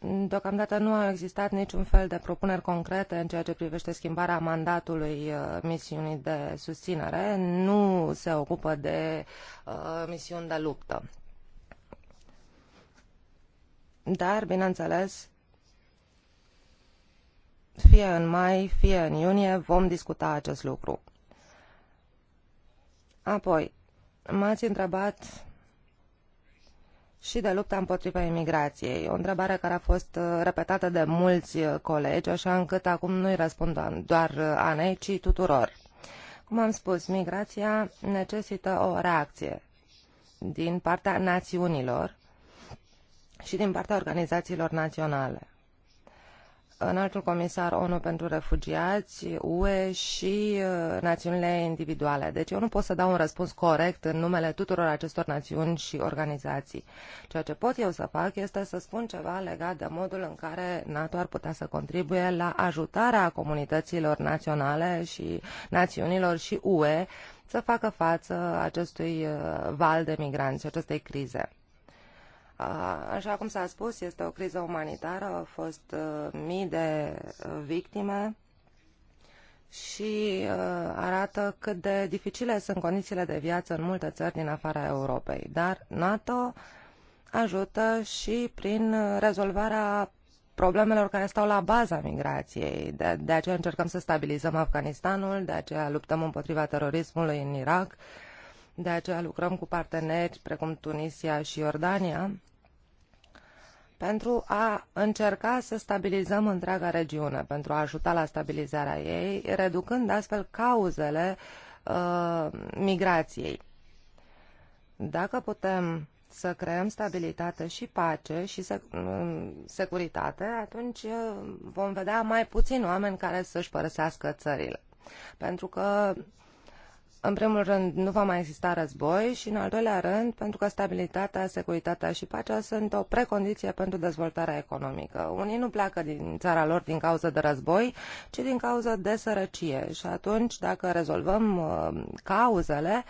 Deocamdată nu au existat niciun fel de propuneri concrete în ceea ce privește schimbarea mandatului uh, misiunii de susținere. Nu se ocupă de uh, misiuni de luptă. Dar, bineînțeles, fie în mai, fie în iunie, vom discuta acest lucru. Apoi, m-ați întrebat și de lupta împotriva imigrației. O întrebare care a fost uh, repetată de mulți uh, colegi, așa încât acum nu-i răspund doar uh, Anei, ci tuturor. Cum am spus, migrația necesită o reacție din partea națiunilor și din partea organizațiilor naționale înaltul comisar ONU pentru refugiați, UE și uh, națiunile individuale. Deci eu nu pot să dau un răspuns corect în numele tuturor acestor națiuni și organizații. Ceea ce pot eu să fac este să spun ceva legat de modul în care NATO ar putea să contribuie la ajutarea comunităților naționale și națiunilor și UE să facă față acestui uh, val de migranți, acestei crize. Așa cum s-a spus, este o criză umanitară, au fost uh, mii de uh, victime și uh, arată cât de dificile sunt condițiile de viață în multe țări din afara Europei. Dar NATO ajută și prin rezolvarea problemelor care stau la baza migrației. De, de aceea încercăm să stabilizăm Afganistanul, de aceea luptăm împotriva terorismului în Irak, de aceea lucrăm cu parteneri precum Tunisia și Iordania pentru a încerca să stabilizăm întreaga regiune, pentru a ajuta la stabilizarea ei, reducând astfel cauzele uh, migrației. Dacă putem să creăm stabilitate și pace și sec- uh, securitate, atunci uh, vom vedea mai puțin oameni care să-și părăsească țările. Pentru că în primul rând, nu va mai exista război și, în al doilea rând, pentru că stabilitatea, securitatea și pacea sunt o precondiție pentru dezvoltarea economică. Unii nu pleacă din țara lor din cauza de război, ci din cauza de sărăcie. Și atunci, dacă rezolvăm uh, cauzele,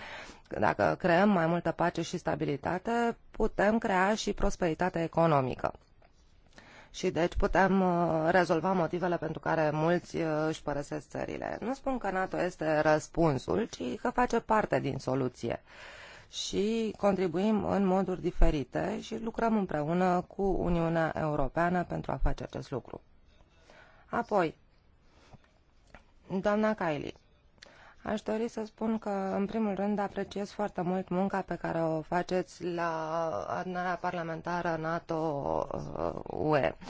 dacă creăm mai multă pace și stabilitate, putem crea și prosperitate economică și deci putem uh, rezolva motivele pentru care mulți uh, își părăsesc țările. Nu spun că NATO este răspunsul, ci că face parte din soluție și contribuim în moduri diferite și lucrăm împreună cu Uniunea Europeană pentru a face acest lucru. Apoi, doamna Kylie, Aș dori să spun că, în primul rând, apreciez foarte mult munca pe care o faceți la adunarea parlamentară NATO-UE. Uh,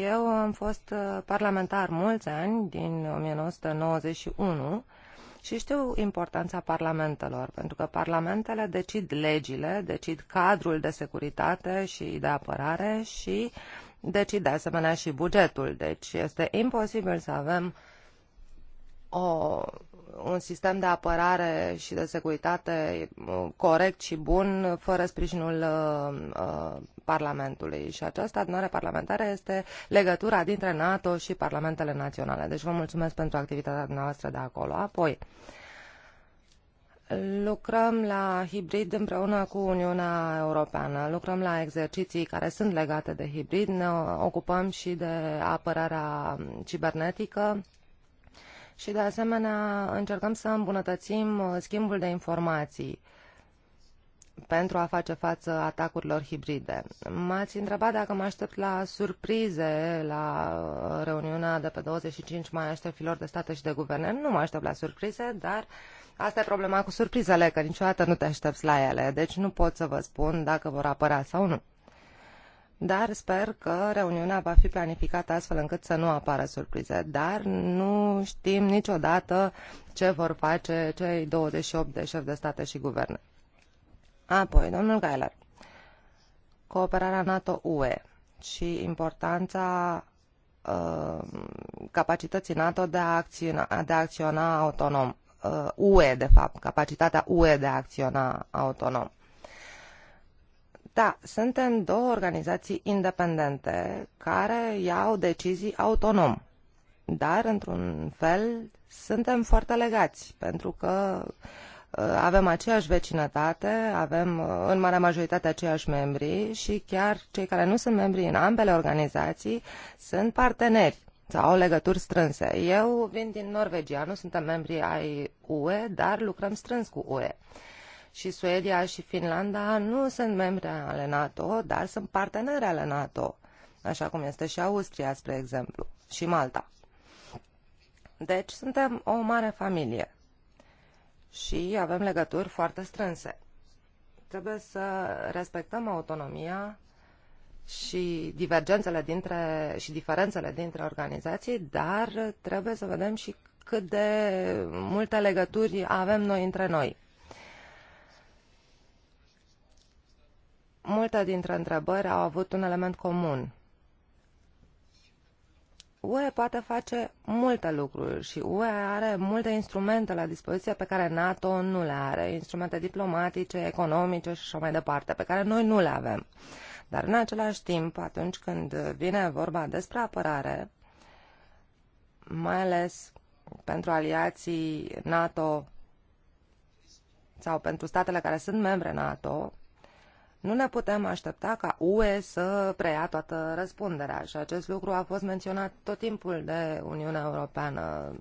Eu am fost uh, parlamentar mulți ani, din 1991, și știu importanța parlamentelor, pentru că parlamentele decid legile, decid cadrul de securitate și de apărare și decid de asemenea și bugetul. Deci este imposibil să avem o un sistem de apărare și de securitate uh, corect și bun fără sprijinul uh, uh, Parlamentului. Și această adunare parlamentară este legătura dintre NATO și Parlamentele Naționale. Deci vă mulțumesc pentru activitatea dumneavoastră de acolo. Apoi, Lucrăm la hibrid împreună cu Uniunea Europeană. Lucrăm la exerciții care sunt legate de hibrid. Ne ocupăm și de apărarea cibernetică și de asemenea încercăm să îmbunătățim uh, schimbul de informații pentru a face față atacurilor hibride. M-ați întrebat dacă mă aștept la surprize la uh, reuniunea de pe 25 mai a șefilor de state și de guverne. Nu mă aștept la surprize, dar asta e problema cu surprizele, că niciodată nu te aștepți la ele, deci nu pot să vă spun dacă vor apărea sau nu dar sper că reuniunea va fi planificată astfel încât să nu apară surprize. Dar nu știm niciodată ce vor face cei 28 de șefi de state și guverne. Apoi, domnul Geiler, cooperarea NATO-UE și importanța uh, capacității NATO de a acționa, de a acționa autonom. Uh, UE, de fapt, capacitatea UE de a acționa autonom. Da, suntem două organizații independente care iau decizii autonom, dar într-un fel suntem foarte legați, pentru că uh, avem aceeași vecinătate, avem uh, în marea majoritate aceiași membri și chiar cei care nu sunt membri în ambele organizații sunt parteneri sau au legături strânse. Eu vin din Norvegia, nu suntem membri ai UE, dar lucrăm strâns cu UE și Suedia și Finlanda nu sunt membre ale NATO, dar sunt parteneri ale NATO, așa cum este și Austria, spre exemplu, și Malta. Deci suntem o mare familie și avem legături foarte strânse. Trebuie să respectăm autonomia și divergențele dintre, și diferențele dintre organizații, dar trebuie să vedem și cât de multe legături avem noi între noi. multe dintre întrebări au avut un element comun. UE poate face multe lucruri și UE are multe instrumente la dispoziție pe care NATO nu le are, instrumente diplomatice, economice și așa mai departe, pe care noi nu le avem. Dar în același timp, atunci când vine vorba despre apărare, mai ales pentru aliații NATO sau pentru statele care sunt membre NATO, nu ne putem aștepta ca UE să preia toată răspunderea și acest lucru a fost menționat tot timpul de Uniunea Europeană.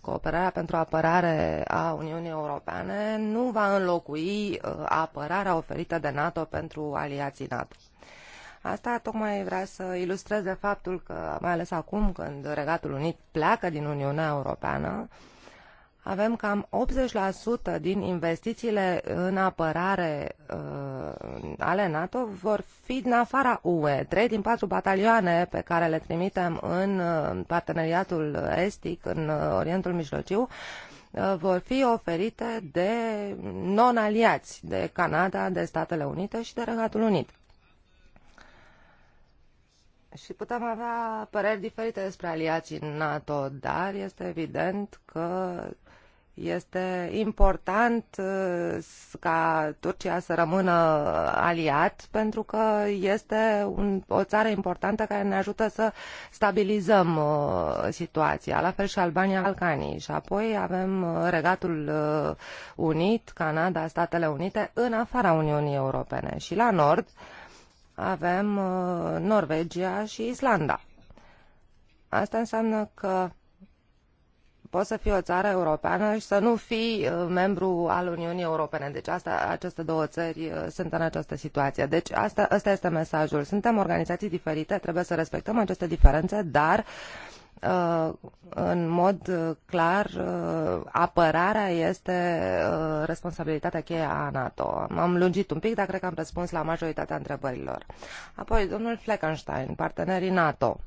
Cooperarea pentru apărare a Uniunii Europene nu va înlocui uh, apărarea oferită de NATO pentru aliații NATO. Asta tocmai vrea să ilustreze faptul că, mai ales acum când Regatul Unit pleacă din Uniunea Europeană, avem cam 80% din investițiile în apărare uh, ale NATO vor fi din afara UE. Trei din patru batalioane pe care le trimitem în uh, parteneriatul estic, în uh, Orientul Mijlociu, uh, vor fi oferite de non-aliați, de Canada, de Statele Unite și de Regatul Unit. Și putem avea păreri diferite despre aliații NATO, dar este evident că este important uh, ca Turcia să rămână aliat pentru că este un, o țară importantă care ne ajută să stabilizăm uh, situația, la fel și Albania, Balcanii. Și apoi avem uh, Regatul Unit, Canada, Statele Unite, în afara Uniunii Europene. Și la nord avem Norvegia și Islanda. Asta înseamnă că poți să fii o țară europeană și să nu fii uh, membru al Uniunii Europene. Deci asta, aceste două țări uh, sunt în această situație. Deci asta, asta este mesajul. Suntem organizații diferite, trebuie să respectăm aceste diferențe, dar uh, în mod clar apărarea este responsabilitatea cheie a NATO. M-am lungit un pic, dar cred că am răspuns la majoritatea întrebărilor. Apoi, domnul Fleckenstein, partenerii NATO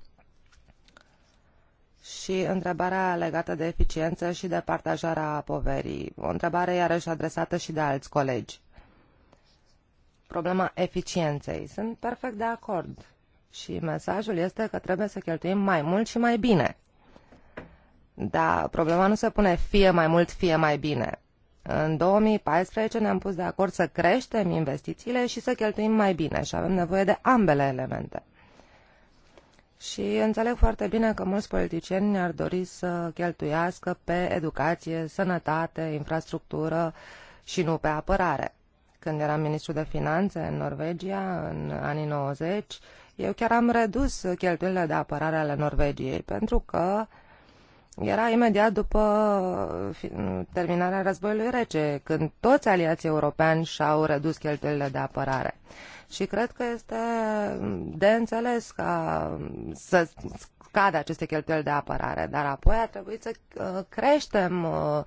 și întrebarea legată de eficiență și de partajarea poverii. O întrebare iarăși adresată și de alți colegi. Problema eficienței. Sunt perfect de acord. Și mesajul este că trebuie să cheltuim mai mult și mai bine. Dar problema nu se pune fie mai mult, fie mai bine. În 2014 ne-am pus de acord să creștem investițiile și să cheltuim mai bine și avem nevoie de ambele elemente. Și înțeleg foarte bine că mulți politicieni ar dori să cheltuiască pe educație, sănătate, infrastructură și nu pe apărare. Când eram ministru de finanțe în Norvegia, în anii 90, eu chiar am redus cheltuielile de apărare ale Norvegiei, pentru că era imediat după terminarea războiului rece, când toți aliații europeni și-au redus cheltuielile de apărare. Și cred că este de înțeles ca să scadă aceste cheltuieli de apărare, dar apoi ar trebui să uh, creștem, uh,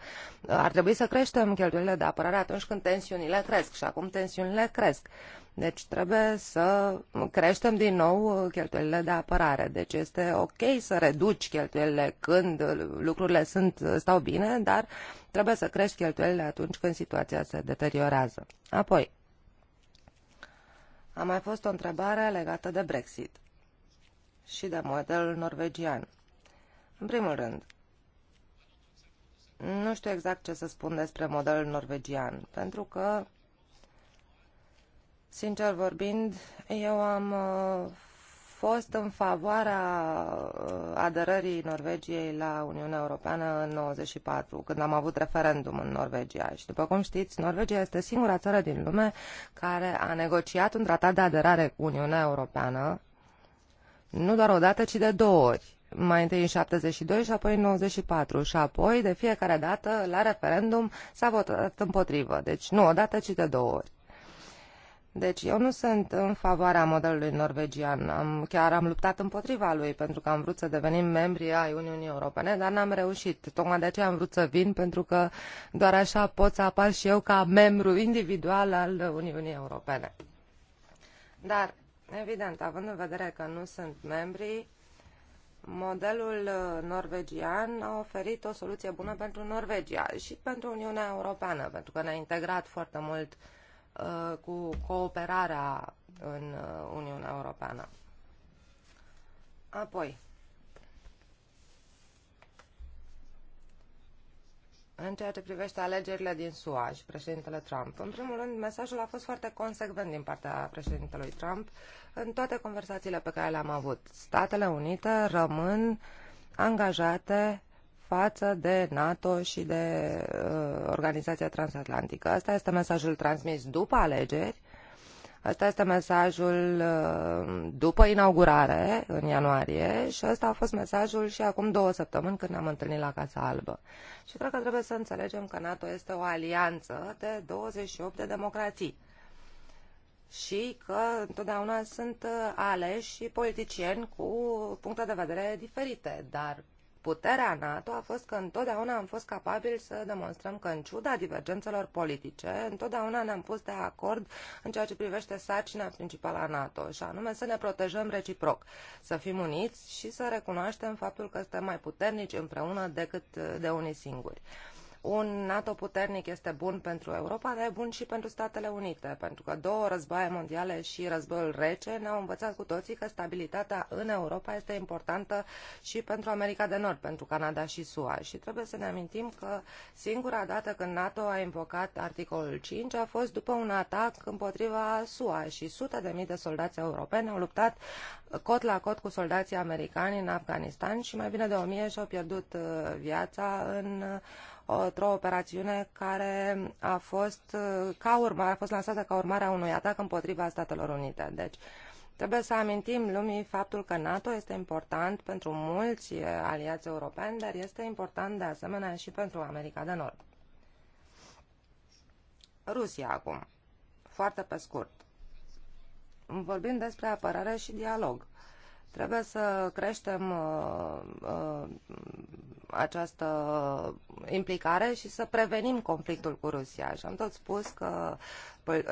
ar trebui să creștem cheltuielile de apărare atunci când tensiunile cresc și acum tensiunile cresc. Deci trebuie să creștem din nou uh, cheltuielile de apărare. Deci este ok să reduci cheltuielile când lucrurile sunt, stau bine, dar trebuie să crești cheltuielile atunci când situația se deteriorează. Apoi, a mai fost o întrebare legată de Brexit și de modelul norvegian. În primul rând, nu știu exact ce să spun despre modelul norvegian, pentru că, sincer vorbind, eu am uh, fost în favoarea uh, aderării Norvegiei la Uniunea Europeană în 94, când am avut referendum în Norvegia. Și după cum știți, Norvegia este singura țară din lume care a negociat un tratat de aderare cu Uniunea Europeană, nu doar o dată, ci de două ori mai întâi în 72 și apoi în 94 și apoi de fiecare dată la referendum s-a votat împotrivă. Deci nu o dată, ci de două ori. Deci eu nu sunt în favoarea modelului norvegian. Am, chiar am luptat împotriva lui pentru că am vrut să devenim membri ai Uniunii Europene, dar n-am reușit. Tocmai de aceea am vrut să vin pentru că doar așa pot să apar și eu ca membru individual al Uniunii Europene. Dar, evident, având în vedere că nu sunt membri, modelul uh, norvegian a oferit o soluție bună pentru Norvegia și pentru Uniunea Europeană, pentru că ne-a integrat foarte mult uh, Uh, cu cooperarea în uh, Uniunea Europeană. Apoi, În ceea ce privește alegerile din SUA și președintele Trump, în primul rând, mesajul a fost foarte consecvent din partea președintelui Trump în toate conversațiile pe care le-am avut. Statele Unite rămân angajate față de NATO și de uh, Organizația Transatlantică. Asta este mesajul transmis după alegeri, asta este mesajul uh, după inaugurare în ianuarie și ăsta a fost mesajul și acum două săptămâni când ne-am întâlnit la Casa Albă. Și cred că trebuie să înțelegem că NATO este o alianță de 28 de democrații și că întotdeauna sunt uh, aleși și politicieni cu puncte de vedere diferite, dar puterea NATO a fost că întotdeauna am fost capabili să demonstrăm că, în ciuda divergențelor politice, întotdeauna ne-am pus de acord în ceea ce privește sarcina principală a NATO, și anume să ne protejăm reciproc, să fim uniți și să recunoaștem faptul că suntem mai puternici împreună decât de unii singuri un NATO puternic este bun pentru Europa, dar e bun și pentru Statele Unite, pentru că două războaie mondiale și războiul rece ne-au învățat cu toții că stabilitatea în Europa este importantă și pentru America de Nord, pentru Canada și SUA. Și trebuie să ne amintim că singura dată când NATO a invocat articolul 5 a fost după un atac împotriva SUA și sute de mii de soldați europeni au luptat cot la cot cu soldații americani în Afganistan și mai bine de o mie și-au pierdut uh, viața în o operațiune care a fost, uh, ca urmare, a fost lansată ca urmare a unui atac împotriva Statelor Unite. Deci, Trebuie să amintim lumii faptul că NATO este important pentru mulți uh, aliați europeni, dar este important de asemenea și pentru America de Nord. Rusia acum. Foarte pe scurt. Vorbim despre apărare și dialog. Trebuie să creștem uh, uh, această implicare și să prevenim conflictul cu Rusia. Și am tot spus că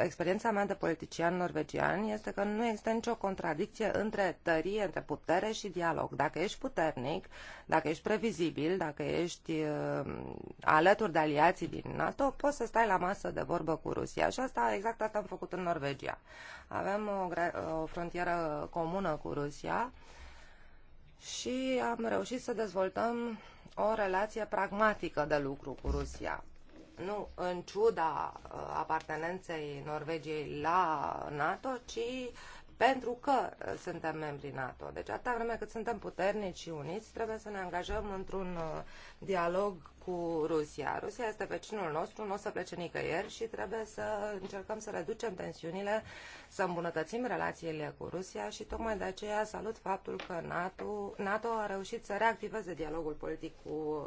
experiența mea de politician norvegian este că nu există nicio contradicție între tărie, între putere și dialog. Dacă ești puternic, dacă ești previzibil, dacă ești uh, alături de aliații din NATO, poți să stai la masă de vorbă cu Rusia. Și asta, exact asta am făcut în Norvegia. Avem o, o frontieră comună cu Rusia și am reușit să dezvoltăm o relație pragmatică de lucru cu Rusia. Nu în ciuda uh, apartenenței Norvegiei la NATO, ci pentru că uh, suntem membri NATO. Deci atâta vreme cât suntem puternici și uniți, trebuie să ne angajăm într-un uh, dialog cu Rusia. Rusia este vecinul nostru, nu o să plece nicăieri și trebuie să încercăm să reducem tensiunile, să îmbunătățim relațiile cu Rusia și tocmai de aceea salut faptul că NATO, NATO a reușit să reactiveze dialogul politic cu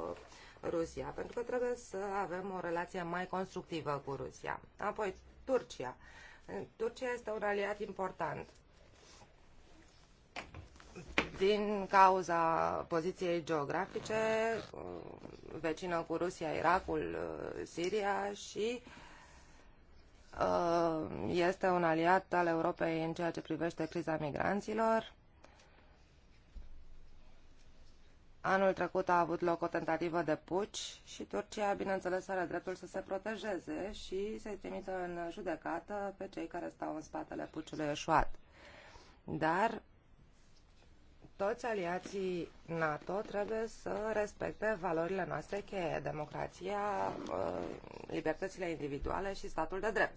Rusia, pentru că trebuie să avem o relație mai constructivă cu Rusia. Apoi, Turcia. Turcia este un aliat important din cauza poziției geografice, uh, vecină cu Rusia, Irakul, uh, Siria și uh, este un aliat al Europei în ceea ce privește criza migranților. Anul trecut a avut loc o tentativă de puci și Turcia, bineînțeles, are dreptul să se protejeze și să-i trimită în judecată pe cei care stau în spatele puciului eșuat. Dar toți aliații NATO trebuie să respecte valorile noastre cheie, democrația, uh, libertățile individuale și statul de drept.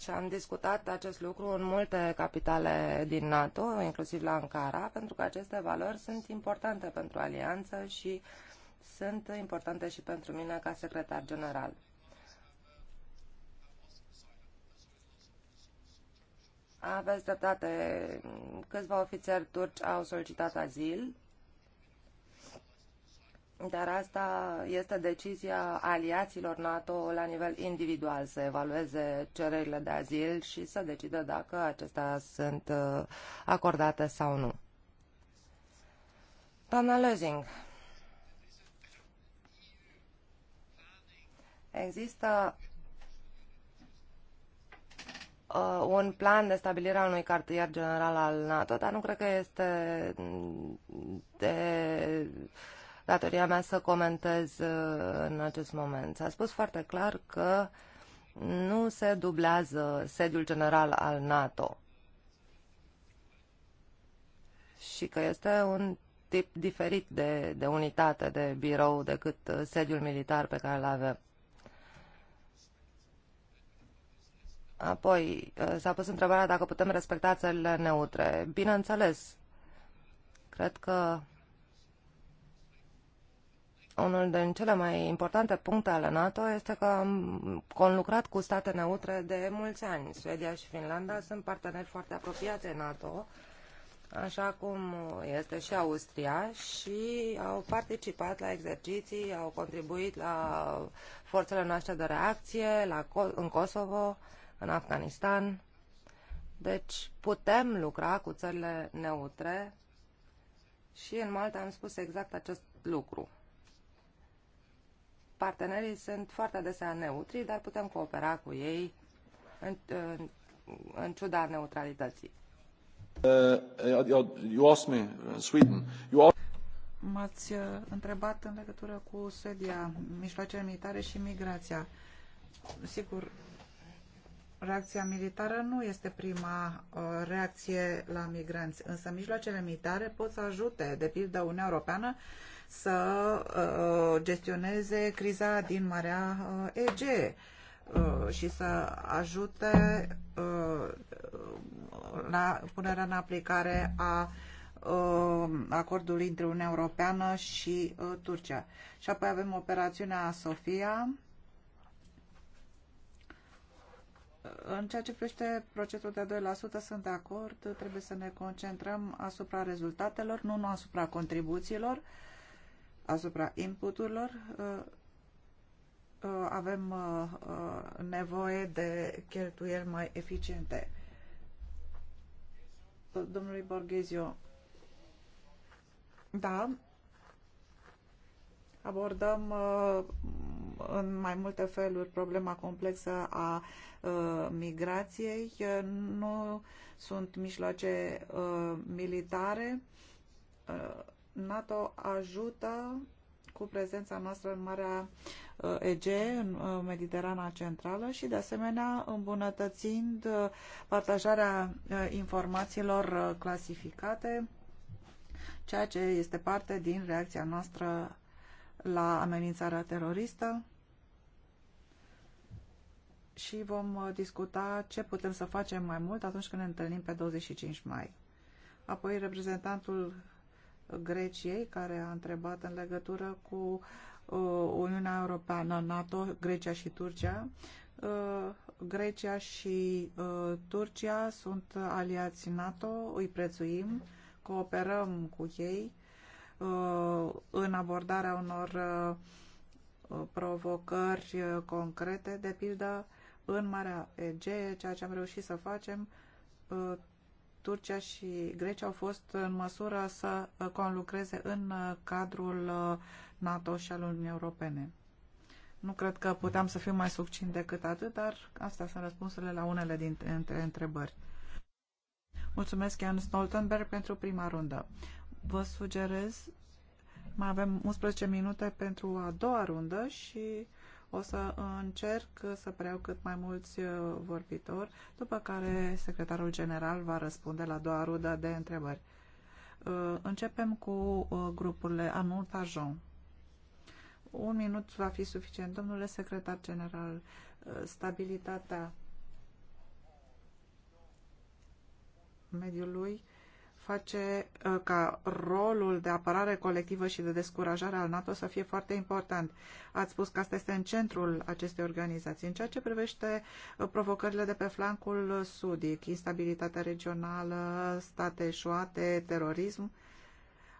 Și am discutat acest lucru în multe capitale din NATO, inclusiv la Ankara, pentru că aceste valori sunt importante pentru alianță și sunt importante și pentru mine ca secretar general. Aveți dreptate, câțiva ofițeri turci au solicitat azil, dar asta este decizia aliaților NATO la nivel individual, să evalueze cererile de azil și să decidă dacă acestea sunt uh, acordate sau nu. Doamna Lezing, există Uh, un plan de stabilire a unui cartier general al NATO, dar nu cred că este de datoria mea să comentez uh, în acest moment. S-a spus foarte clar că nu se dublează sediul general al NATO și că este un tip diferit de, de unitate, de birou, decât uh, sediul militar pe care îl avem. Apoi uh, s-a pus întrebarea dacă putem respecta țările neutre. Bineînțeles, cred că unul din cele mai importante puncte ale NATO este că am conlucrat cu state neutre de mulți ani. Suedia și Finlanda sunt parteneri foarte apropiați NATO, așa cum este și Austria, și au participat la exerciții, au contribuit la forțele noastre de reacție la, în Kosovo, în Afganistan. Deci putem lucra cu țările neutre și în Malta am spus exact acest lucru. Partenerii sunt foarte adesea neutri, dar putem coopera cu ei în, în, în ciuda neutralității. Uh, you asked me, uh, Sweden. You M-ați uh, întrebat în legătură cu Suedia, mijloacele militare și migrația. Sigur, Reacția militară nu este prima uh, reacție la migranți, însă mijloacele militare pot să ajute, de pildă Uniunea Europeană, să uh, gestioneze criza din Marea uh, Egee uh, și să ajute uh, la punerea în aplicare a uh, acordului între Uniunea Europeană și Turcia. Și apoi avem operațiunea Sofia, În ceea ce privește procesul de 2%, sunt de acord, trebuie să ne concentrăm asupra rezultatelor, nu, nu asupra contribuțiilor, asupra inputurilor. Uh, uh, avem uh, nevoie de cheltuieli mai eficiente. Domnului Borghezio, da, abordăm uh, în mai multe feluri problema complexă a uh, migrației. Nu sunt mijloace uh, militare. NATO ajută cu prezența noastră în Marea Egee, în Mediterana Centrală și, de asemenea, îmbunătățind partajarea informațiilor clasificate, ceea ce este parte din reacția noastră la amenințarea teroristă și vom uh, discuta ce putem să facem mai mult atunci când ne întâlnim pe 25 mai. Apoi reprezentantul Greciei, care a întrebat în legătură cu uh, Uniunea Europeană, NATO, Grecia și Turcia. Uh, Grecia și Turcia sunt aliați NATO, îi prețuim, cooperăm cu ei Uh, în abordarea unor uh, provocări uh, concrete, de pildă în Marea Egee, ceea ce am reușit să facem, Turcia și Grecia au fost în măsură să conlucreze în cadrul NATO și al Uniunii Europene. Nu cred că puteam să fim mai succint decât atât, dar astea sunt răspunsurile la unele dintre întrebări. Mulțumesc, Ian Stoltenberg, pentru prima rundă vă sugerez, mai avem 11 minute pentru a doua rundă și o să încerc să preiau cât mai mulți uh, vorbitori, după care secretarul general va răspunde la doua rundă de întrebări. Uh, începem cu uh, grupurile Amur Pajon. Un minut va fi suficient. Domnule secretar general, stabilitatea mediului face uh, ca rolul de apărare colectivă și de descurajare al NATO să fie foarte important. Ați spus că asta este în centrul acestei organizații. În ceea ce privește uh, provocările de pe flancul sudic, instabilitatea regională, state eșuate, terorism,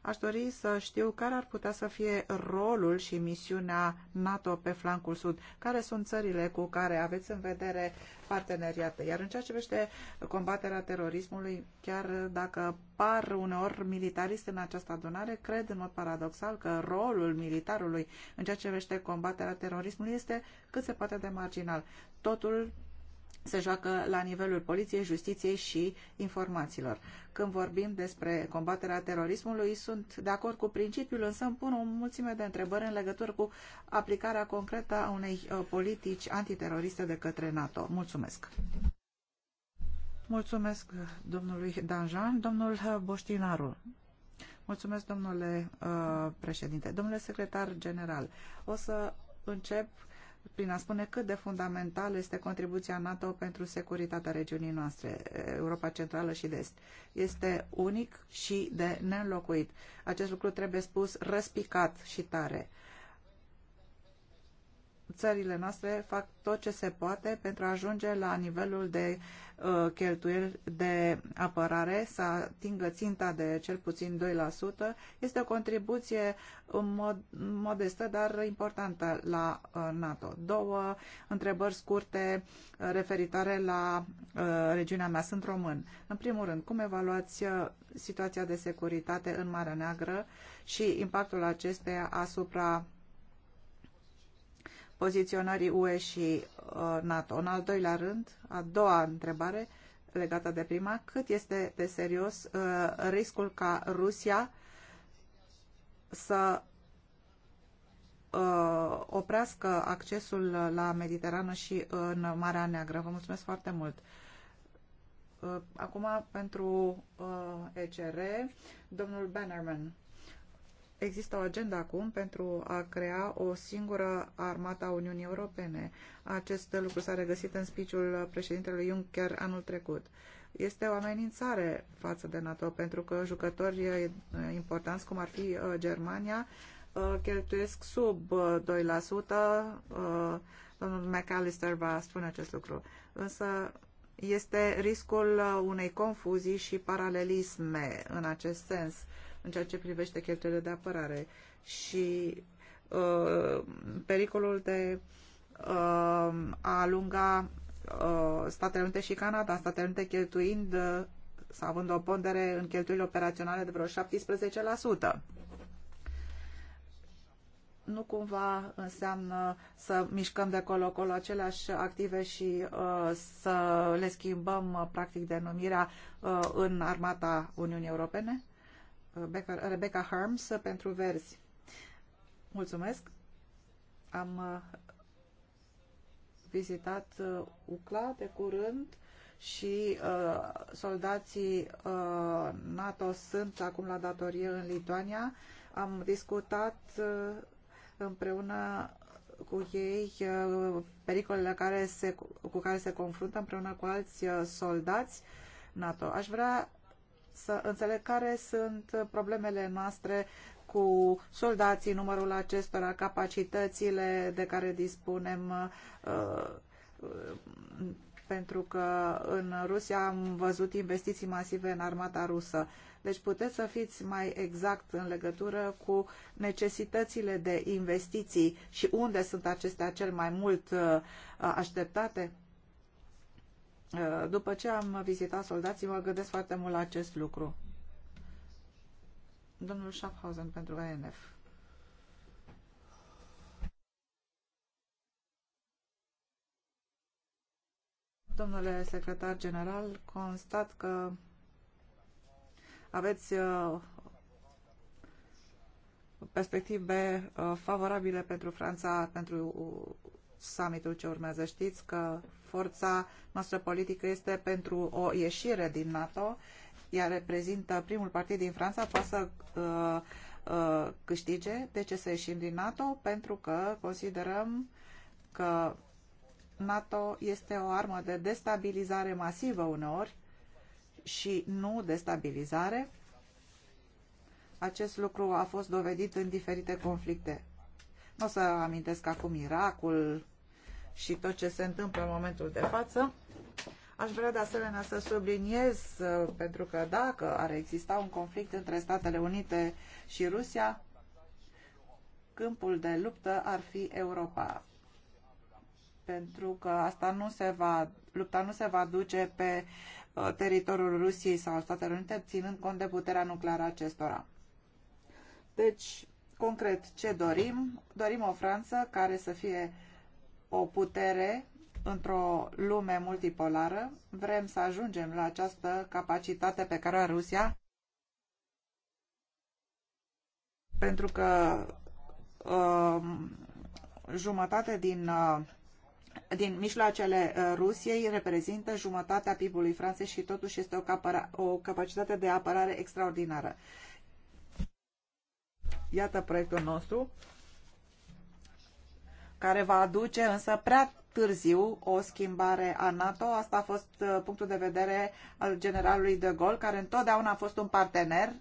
Aș dori să știu care ar putea să fie rolul și misiunea NATO pe flancul sud. Care sunt țările cu care aveți în vedere parteneriate? Iar în ceea ce vește combaterea terorismului, chiar dacă par uneori militariste în această adunare, cred în mod paradoxal că rolul militarului în ceea ce vește combaterea terorismului este cât se poate de marginal. Totul se joacă la nivelul poliției, justiției și informațiilor. Când vorbim despre combaterea terorismului, sunt de acord cu principiul, însă îmi pun o mulțime de întrebări în legătură cu aplicarea concretă a unei uh, politici antiteroriste de către NATO. Mulțumesc! Mulțumesc domnului Danjan, domnul uh, Boștinaru. Mulțumesc, domnule uh, președinte. Domnule secretar general, o să încep uh, prin a spune cât de fundamental este contribuția NATO pentru securitatea regiunii noastre, Europa Centrală și de Est. Este unic și de neînlocuit. Acest lucru trebuie spus răspicat și tare țările noastre fac tot ce se poate pentru a ajunge la nivelul de uh, cheltuieli de apărare, să atingă ținta de cel puțin 2%. Este o contribuție mod, modestă, dar importantă la uh, NATO. Două întrebări scurte uh, referitoare la uh, regiunea mea. Sunt român. În primul rând, cum evaluați uh, situația de securitate în Marea Neagră și impactul acesteia asupra poziționării UE și uh, NATO. În al doilea rând, a doua întrebare legată de prima, cât este de serios uh, riscul ca Rusia să uh, oprească accesul la Mediterană și în Marea Neagră. Vă mulțumesc foarte mult! Acum pentru ECR, domnul Bannerman. Există o agenda acum pentru a crea o singură armată a Uniunii Europene. Acest lucru s-a regăsit în spiciul președintelui Juncker anul trecut. Este o amenințare față de NATO pentru că jucători eh, importanți, cum ar fi eh, Germania, eh, cheltuiesc sub 2%. Domnul McAllister va spune acest lucru. Însă este riscul unei confuzii și paralelisme în acest sens în ceea ce privește cheltuielile de apărare și uh, pericolul de uh, a alunga uh, Statele Unite și Canada, Statele Unite cheltuind uh, sau având o pondere în cheltuielile operaționale de vreo 17%. Nu cumva înseamnă să mișcăm de colo-colo aceleași active și uh, să le schimbăm uh, practic denumirea uh, în armata Uniunii Europene? Uh, Rebecca Harms pentru Verzi. Mulțumesc! Am uh, vizitat uh, UCLA de curând și uh, soldații uh, NATO sunt acum la datorie în Lituania. Am discutat uh, împreună cu ei uh, pericolele care se, cu care se confruntă împreună cu alți uh, soldați NATO. Aș vrea să înțeleg care sunt problemele noastre cu soldații, numărul acestora, capacitățile de care dispunem, uh, pentru că în Rusia am văzut investiții masive în armata rusă. Deci puteți să fiți mai exact în legătură cu necesitățile de investiții și unde sunt acestea cel mai mult uh, așteptate? Uh, după ce am vizitat soldații, mă gândesc foarte mult la acest lucru. Domnul Schaffhausen pentru ANF. Domnule secretar general, constat că aveți uh, perspective uh, favorabile pentru Franța, pentru summitul ce urmează. Știți că forța noastră politică este pentru o ieșire din NATO. Ea reprezintă primul partid din Franța, poate să uh, uh, câștige. De ce să ieșim din NATO? Pentru că considerăm că NATO este o armă de destabilizare masivă uneori și nu destabilizare. Acest lucru a fost dovedit în diferite conflicte. Nu o să amintesc acum miracul și tot ce se întâmplă în momentul de față. Aș vrea de asemenea să subliniez, pentru că dacă ar exista un conflict între Statele Unite și Rusia, câmpul de luptă ar fi Europa. Pentru că asta nu se va, lupta nu se va duce pe uh, teritoriul Rusiei sau Statelor Unite, ținând cont de puterea nucleară acestora. Deci, Concret, ce dorim? Dorim o Franță care să fie o putere într-o lume multipolară. Vrem să ajungem la această capacitate pe care o are Rusia pentru că uh, jumătate din, uh, din mijloacele uh, Rusiei reprezintă jumătatea PIB-ului Franței și totuși este o, capăra- o capacitate de apărare extraordinară. Iată proiectul nostru, care va aduce însă prea târziu o schimbare a NATO. Asta a fost uh, punctul de vedere al generalului de Gaulle, care întotdeauna a fost un partener,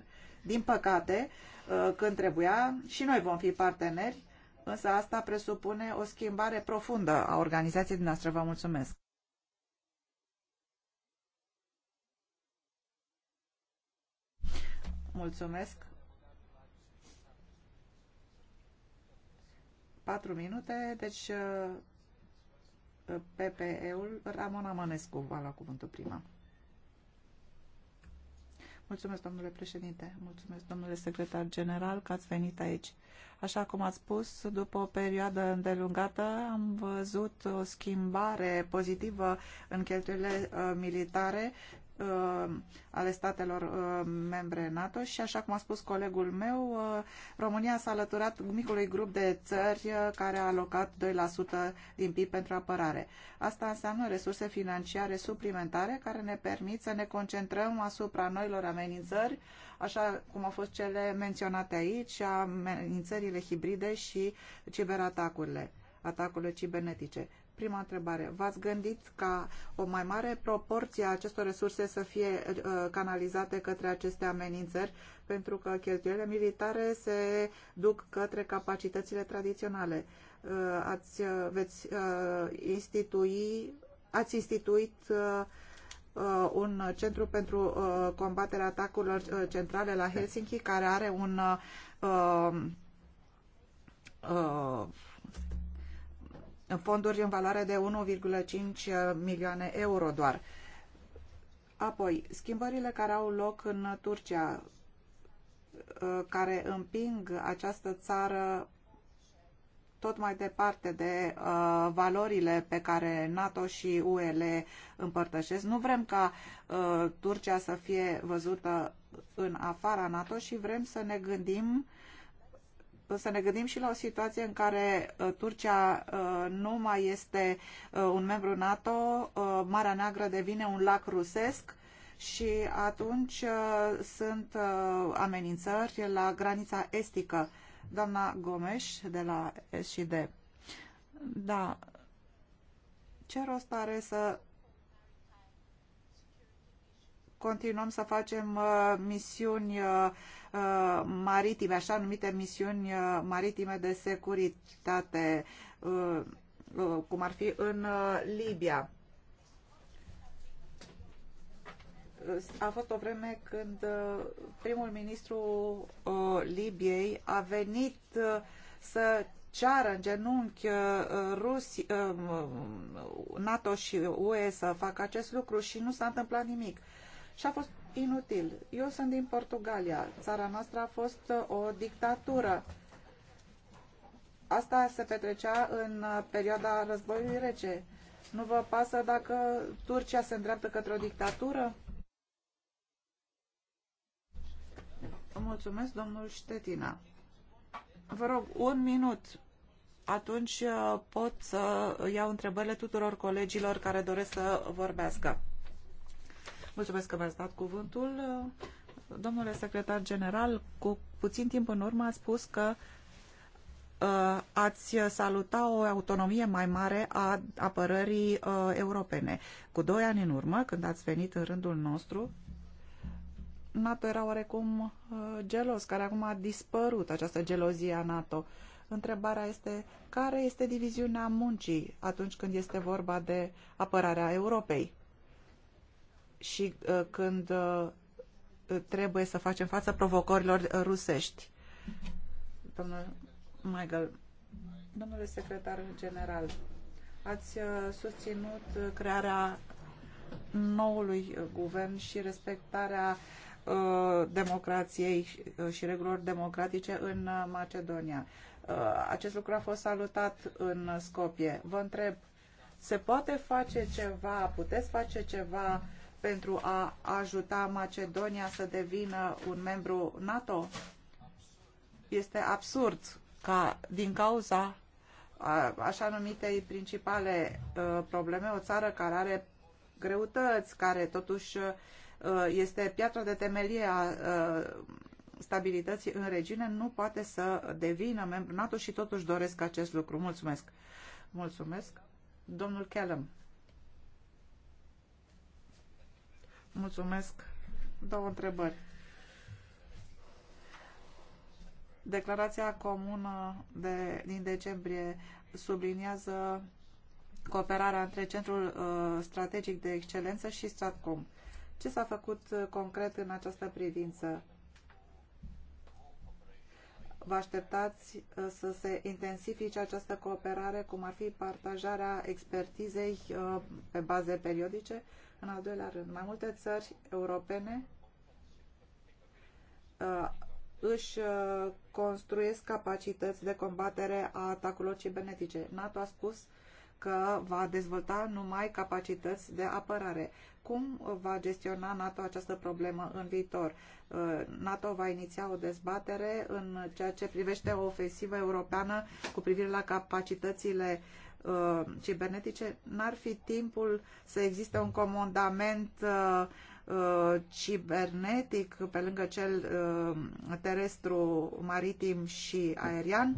din păcate, uh, când trebuia. Și noi vom fi parteneri, însă asta presupune o schimbare profundă a organizației noastre. Vă mulțumesc! Mulțumesc! 4 minute, deci uh, PPE-ul Ramona Mănescu va lua cuvântul prima. Mulțumesc, domnule președinte, mulțumesc, domnule secretar general, că ați venit aici. Așa cum ați spus, după o perioadă îndelungată am văzut o schimbare pozitivă în cheltuielile uh, militare Uh, ale statelor uh, membre NATO și, așa cum a spus colegul meu, uh, România s-a alăturat micului grup de țări care a alocat 2% din PIB pentru apărare. Asta înseamnă resurse financiare suplimentare care ne permit să ne concentrăm asupra noilor amenințări, așa cum au fost cele menționate aici, amenințările hibride și ciberatacurile atacurile cibernetice. Prima întrebare. V-ați gândit ca o mai mare proporție a acestor resurse să fie uh, canalizate către aceste amenințări, pentru că cheltuielile militare se duc către capacitățile tradiționale. Uh, ați, uh, veți, uh, institui, ați instituit uh, uh, un centru pentru uh, combaterea atacurilor uh, centrale la Helsinki, care are un uh, uh, fonduri în valoare de 1,5 milioane euro doar. Apoi, schimbările care au loc în Turcia, uh, care împing această țară tot mai departe de uh, valorile pe care NATO și UE le împărtășesc. Nu vrem ca uh, Turcia să fie văzută în afara NATO și vrem să ne gândim să ne gândim și la o situație în care uh, Turcia uh, nu mai este uh, un membru NATO, Marea Neagră devine un lac rusesc și atunci sunt amenințări la granița estică. Doamna Gomes de la SD. Da. Ce rost are să continuăm să facem uh, misiuni uh, uh, maritime, așa numite misiuni maritime de securitate, cum ar fi în Libia. a fost o vreme când primul ministru Libiei a venit să ceară în genunchi Rusi, NATO și UE să facă acest lucru și nu s-a întâmplat nimic și a fost inutil. Eu sunt din Portugalia. Țara noastră a fost uh, o dictatură. Asta se petrecea în uh, perioada războiului rece. Nu vă pasă dacă Turcia se îndreaptă către o dictatură? Mulțumesc, domnul Ștetina. Vă rog, un minut. Atunci uh, pot să iau întrebările tuturor colegilor care doresc să vorbească. Mulțumesc că mi-ați dat cuvântul. Domnule secretar general, cu puțin timp în urmă a spus că uh, ați saluta o autonomie mai mare a apărării uh, europene. Cu doi ani în urmă, când ați venit în rândul nostru, NATO era oarecum uh, gelos, care acum a dispărut această gelozie a NATO. Întrebarea este care este diviziunea muncii atunci când este vorba de apărarea Europei? și uh, când uh, trebuie să facem față provocărilor uh, rusești. Domnul Michael, domnule secretar general, ați susținut crearea noului guvern și respectarea democrației și regulilor democratice în Macedonia. Acest lucru a fost salutat în Scopie. Vă întreb, se poate face ceva, puteți face ceva uh, pentru a ajuta Macedonia să devină un membru NATO? Este absurd ca din cauza așa numitei principale ă, probleme, o țară care are greutăți, care totuși ă, este piatra de temelie a ă, stabilității în regiune, nu poate să devină membru NATO și totuși doresc acest lucru. Mulțumesc! Mulțumesc! Domnul Kellam. Mulțumesc. Două întrebări. Declarația comună de, din decembrie subliniază cooperarea între Centrul uh, Strategic de Excelență și Stratcom. Ce s-a făcut uh, concret în această privință? Vă așteptați uh, să se intensifice această cooperare, cum ar fi partajarea expertizei uh, pe baze periodice? Uh, în al doilea rând, mai multe țări europene uh, își uh, construiesc capacități de combatere a atacurilor cibernetice. NATO a spus că va dezvolta numai capacități de apărare. Cum va gestiona NATO această problemă în viitor? Uh, NATO va iniția o dezbatere în ceea ce privește o ofensivă europeană cu privire la capacitățile uh, uh, cibernetice, n-ar fi timpul să existe un comandament uh, uh, cibernetic pe lângă cel uh, terestru, maritim și aerian?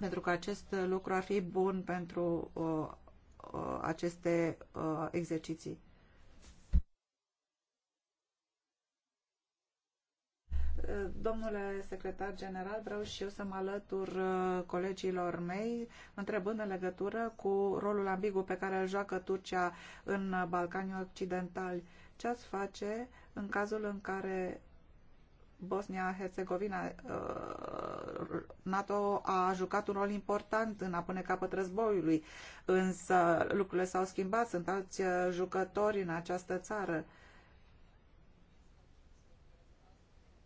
Pentru că acest lucru ar fi bun pentru uh, uh, aceste exerciții. Domnule secretar general, vreau și eu să mă alătur uh, colegilor mei, întrebând în legătură cu rolul ambigu pe care îl joacă Turcia în uh, Balcanii Occidentali. Ce ați face în cazul în care Bosnia-Herzegovina, uh, NATO a jucat un rol important în a pune capăt războiului, însă lucrurile s-au schimbat, sunt alți jucători în această țară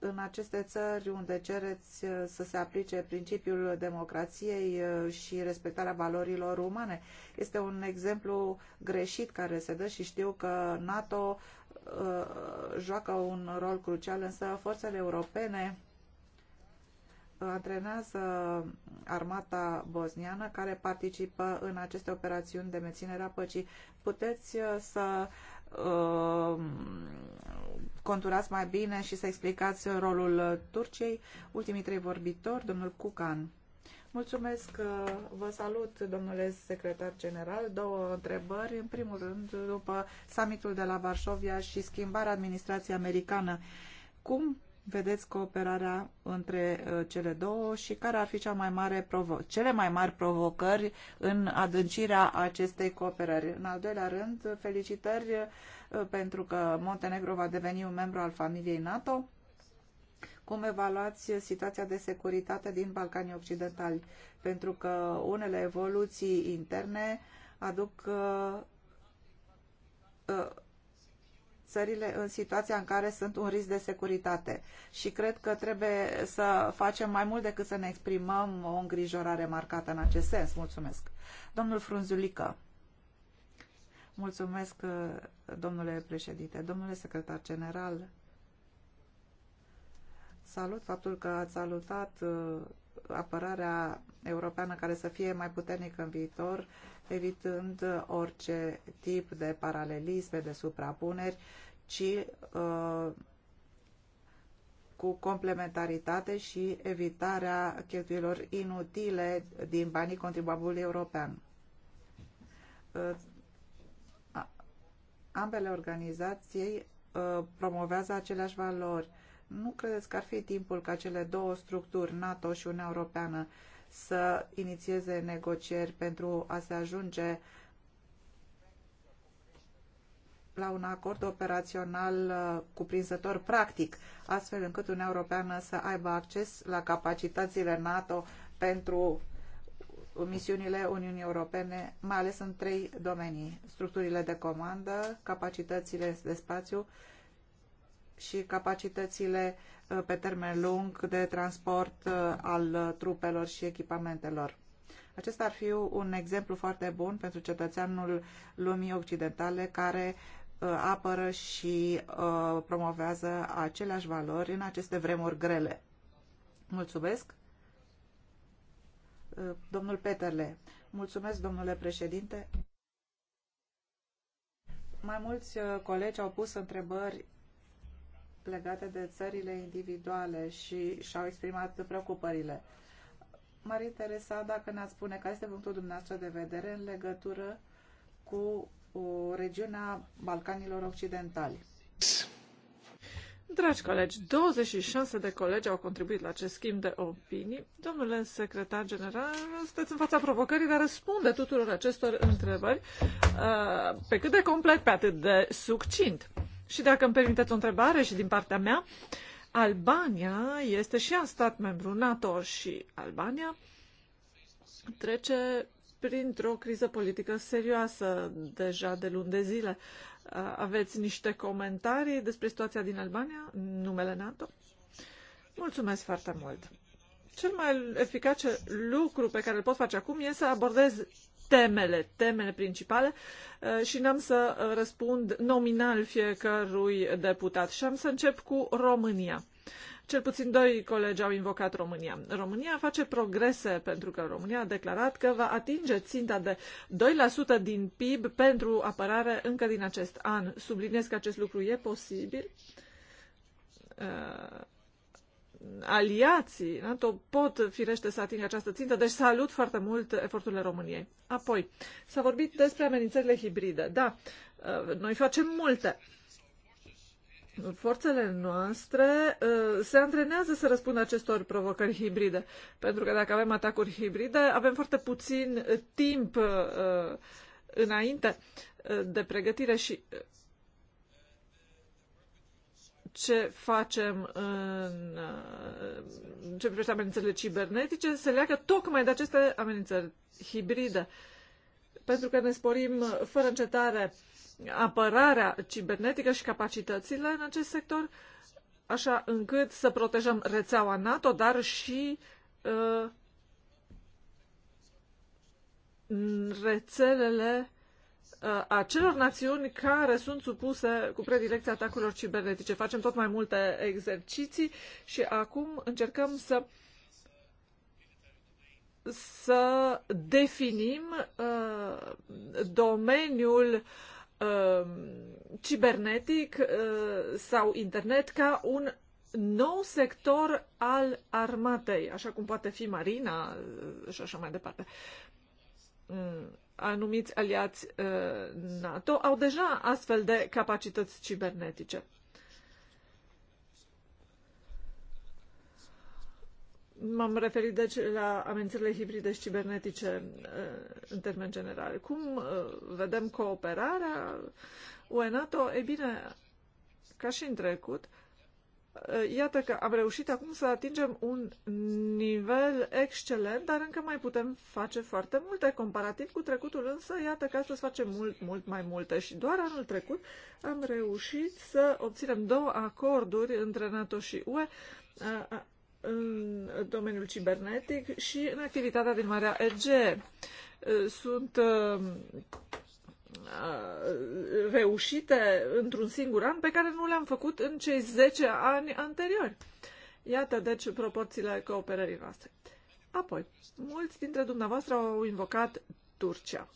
în aceste țări unde cereți uh, să se aplice principiul democrației uh, și respectarea valorilor umane. Este un exemplu greșit care se dă și știu că NATO uh, joacă un rol crucial, însă forțele europene antrenează armata bosniană care participă în aceste operațiuni de menținere a păcii. Puteți să Uh, conturați mai bine și să explicați rolul Turciei. Ultimii trei vorbitori, domnul Cucan. Mulțumesc, uh, vă salut, domnule secretar general. Două întrebări. În primul rând, după summitul de la Varșovia și schimbarea administrației americană, cum vedeți cooperarea între uh, cele două și care ar fi cea mai mare provo- cele mai mari provocări în adâncirea acestei cooperări. În al doilea rând, felicitări uh, pentru că Montenegro va deveni un membru al familiei NATO. Cum evaluați situația de securitate din Balcanii Occidentali? Pentru că unele evoluții interne aduc uh, țările în situația în care sunt un risc de securitate. Și cred că trebuie să facem mai mult decât să ne exprimăm o îngrijorare marcată în acest sens. Mulțumesc. Domnul Frunzulică. Mulțumesc, domnule președinte. Domnule secretar general, salut faptul că ați salutat uh, apărarea europeană care să fie mai puternică în viitor evitând orice tip de paralelisme, de suprapuneri, ci uh, cu complementaritate și evitarea cheltuielor inutile din banii contribuabilului european. Uh, ambele organizații uh, promovează aceleași valori. Nu credeți că ar fi timpul ca cele două structuri, NATO și Uniunea Europeană, să inițieze negocieri pentru a se ajunge la un acord operațional uh, cuprinzător practic, astfel încât Uniunea Europeană să aibă acces la capacitățile NATO pentru misiunile Uniunii Europene, mai ales în trei domenii, structurile de comandă, capacitățile de spațiu și capacitățile Eh, pe termen lung de transport eh, al eh, trupelor și echipamentelor. Acesta ar fi un exemplu foarte bun pentru cetățeanul lumii occidentale care apără și promovează aceleași valori în aceste vremuri grele. Mulțumesc. Domnul Peterle, mulțumesc, domnule președinte. Mai mulți colegi au pus întrebări legate de țările individuale și și-au exprimat preocupările. M-ar interesa dacă ne-ați spune care este punctul dumneavoastră de vedere în legătură cu o regiunea Balcanilor Occidentali. Dragi colegi, 26 de colegi au contribuit la acest schimb de opinii. Domnule secretar general, sunteți în fața provocării de a răspunde tuturor acestor întrebări uh, pe cât de complet, pe atât de succint. Și dacă îmi permiteți o întrebare și din partea mea, Albania este și a stat membru NATO și Albania trece printr-o criză politică serioasă deja de luni de zile. Aveți niște comentarii despre situația din Albania, numele NATO? Mulțumesc foarte mult! Cel mai eficace lucru pe care îl pot face acum este să abordez temele, temele principale uh, și n-am să uh, răspund nominal fiecărui deputat. Și am să încep cu România. Cel puțin doi colegi au invocat România. România face progrese pentru că România a declarat că va atinge ținta de 2% din PIB pentru apărare încă din acest an. Subliniez că acest lucru e posibil uh, aliații NATO pot firește să atingă această țintă, deci salut foarte mult eforturile României. Apoi, s-a vorbit despre amenințările hibride. Da, uh, noi facem multe. Forțele noastre uh, se antrenează să răspundă acestor provocări hibride, pentru că dacă avem atacuri hibride, avem foarte puțin timp uh, înainte de pregătire și ce facem în ce privește amenințările cibernetice se leagă tocmai de aceste amenințări hibride. Pentru că ne sporim fără încetare apărarea cibernetică și capacitățile în acest sector, așa încât să protejăm rețeaua NATO, dar și uh, rețelele Uh, celor națiuni care sunt supuse cu predilecție atacurilor cibernetice. Facem tot mai multe exerciții și acum încercăm să să definim uh, domeniul uh, cibernetic uh, sau internet ca un nou sector al armatei, așa cum poate fi marina uh, și așa mai departe. Mm anumiți aliați uh, NATO au deja astfel de capacități cibernetice. M-am referit deci la amenințările hibride și cibernetice uh, în termen general. Cum uh, vedem cooperarea UE-NATO? E bine, ca și în trecut, Eh, iată că am reușit acum să atingem un nivel excelent, dar încă mai putem face foarte multe. Comparativ cu trecutul însă, iată că astăzi facem mult, mult mai multe și doar anul trecut am reușit să obținem două acorduri între NATO și UE eh, în domeniul cibernetic și în activitatea din Marea ege eh, Sunt Uh, reușite într-un singur an pe care nu le-am făcut în cei 10 ani anteriori. Iată, deci, proporțiile cooperării noastre. Apoi, mulți dintre dumneavoastră au invocat Turcia.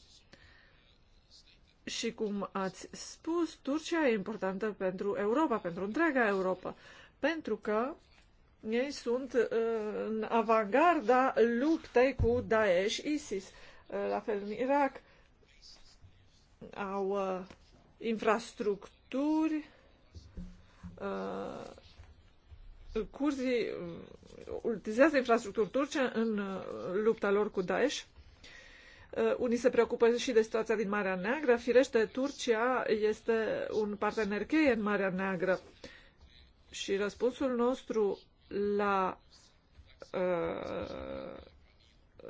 Și cum ați spus, Turcia e importantă pentru Europa, pentru întreaga Europa, pentru că ei sunt uh, în avangarda luptei cu Daesh, ISIS, uh, la fel în Irak, au uh, infrastructuri, uh, curzii uh, utilizează infrastructuri turce în uh, lupta lor cu Daesh. Uh, unii se preocupă și de situația din Marea Neagră. Firește, Turcia este un partener cheie în Marea Neagră. Și răspunsul nostru la uh,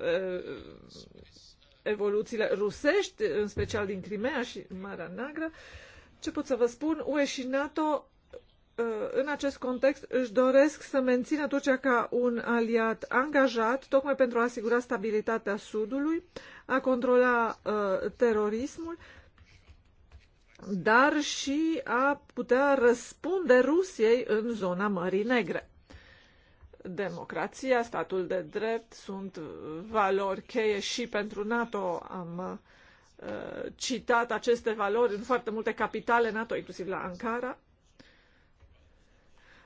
uh evoluțiile rusești, în special din Crimea și Marea Neagră. Ce pot să vă spun? UE și NATO uh, în acest context își doresc să mențină Turcia ca un aliat angajat, tocmai pentru a asigura stabilitatea Sudului, a controla uh, terorismul, dar și a putea răspunde Rusiei în zona Mării Negre democrația, statul de drept sunt valori cheie și pentru NATO. Am uh, citat aceste valori în foarte multe capitale NATO, inclusiv la Ankara.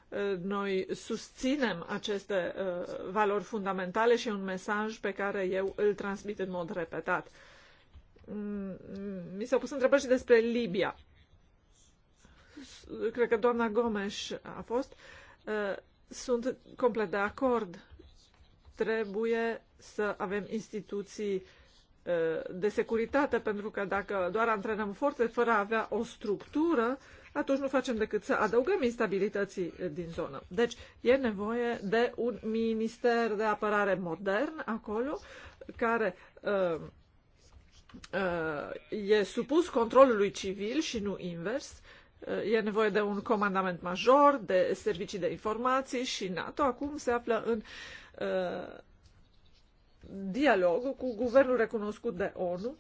Uh, noi susținem aceste uh, valori fundamentale și un mesaj pe care eu îl transmit în mod repetat. Mm, mi s-au pus întrebări și despre Libia. Cred că doamna Gomes a fost. Sunt complet de acord. Trebuie să avem instituții uh, de securitate, pentru că dacă doar antrenăm forțe fără a avea o structură, atunci nu facem decât să adăugăm instabilității uh, din zonă. Deci e nevoie de un minister de apărare modern acolo, care uh, uh, e supus controlului civil și nu invers E nevoie de un comandament major, de servicii de informații și NATO acum se află în uh, dialog cu guvernul recunoscut de ONU.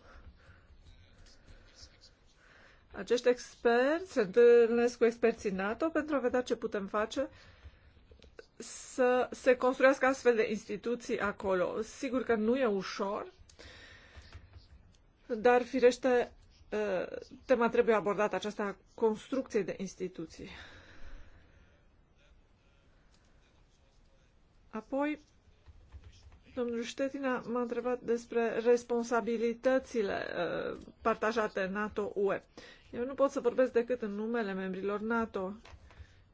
Acești experți se întâlnesc cu experții NATO pentru a vedea ce putem face să se construiască astfel de instituții acolo. Sigur că nu e ușor, dar firește Uh, tema trebuie abordată, aceasta a construcției de instituții. Apoi, domnul Ștetina m-a întrebat despre responsabilitățile uh, partajate NATO-UE. Eu nu pot să vorbesc decât în numele membrilor NATO,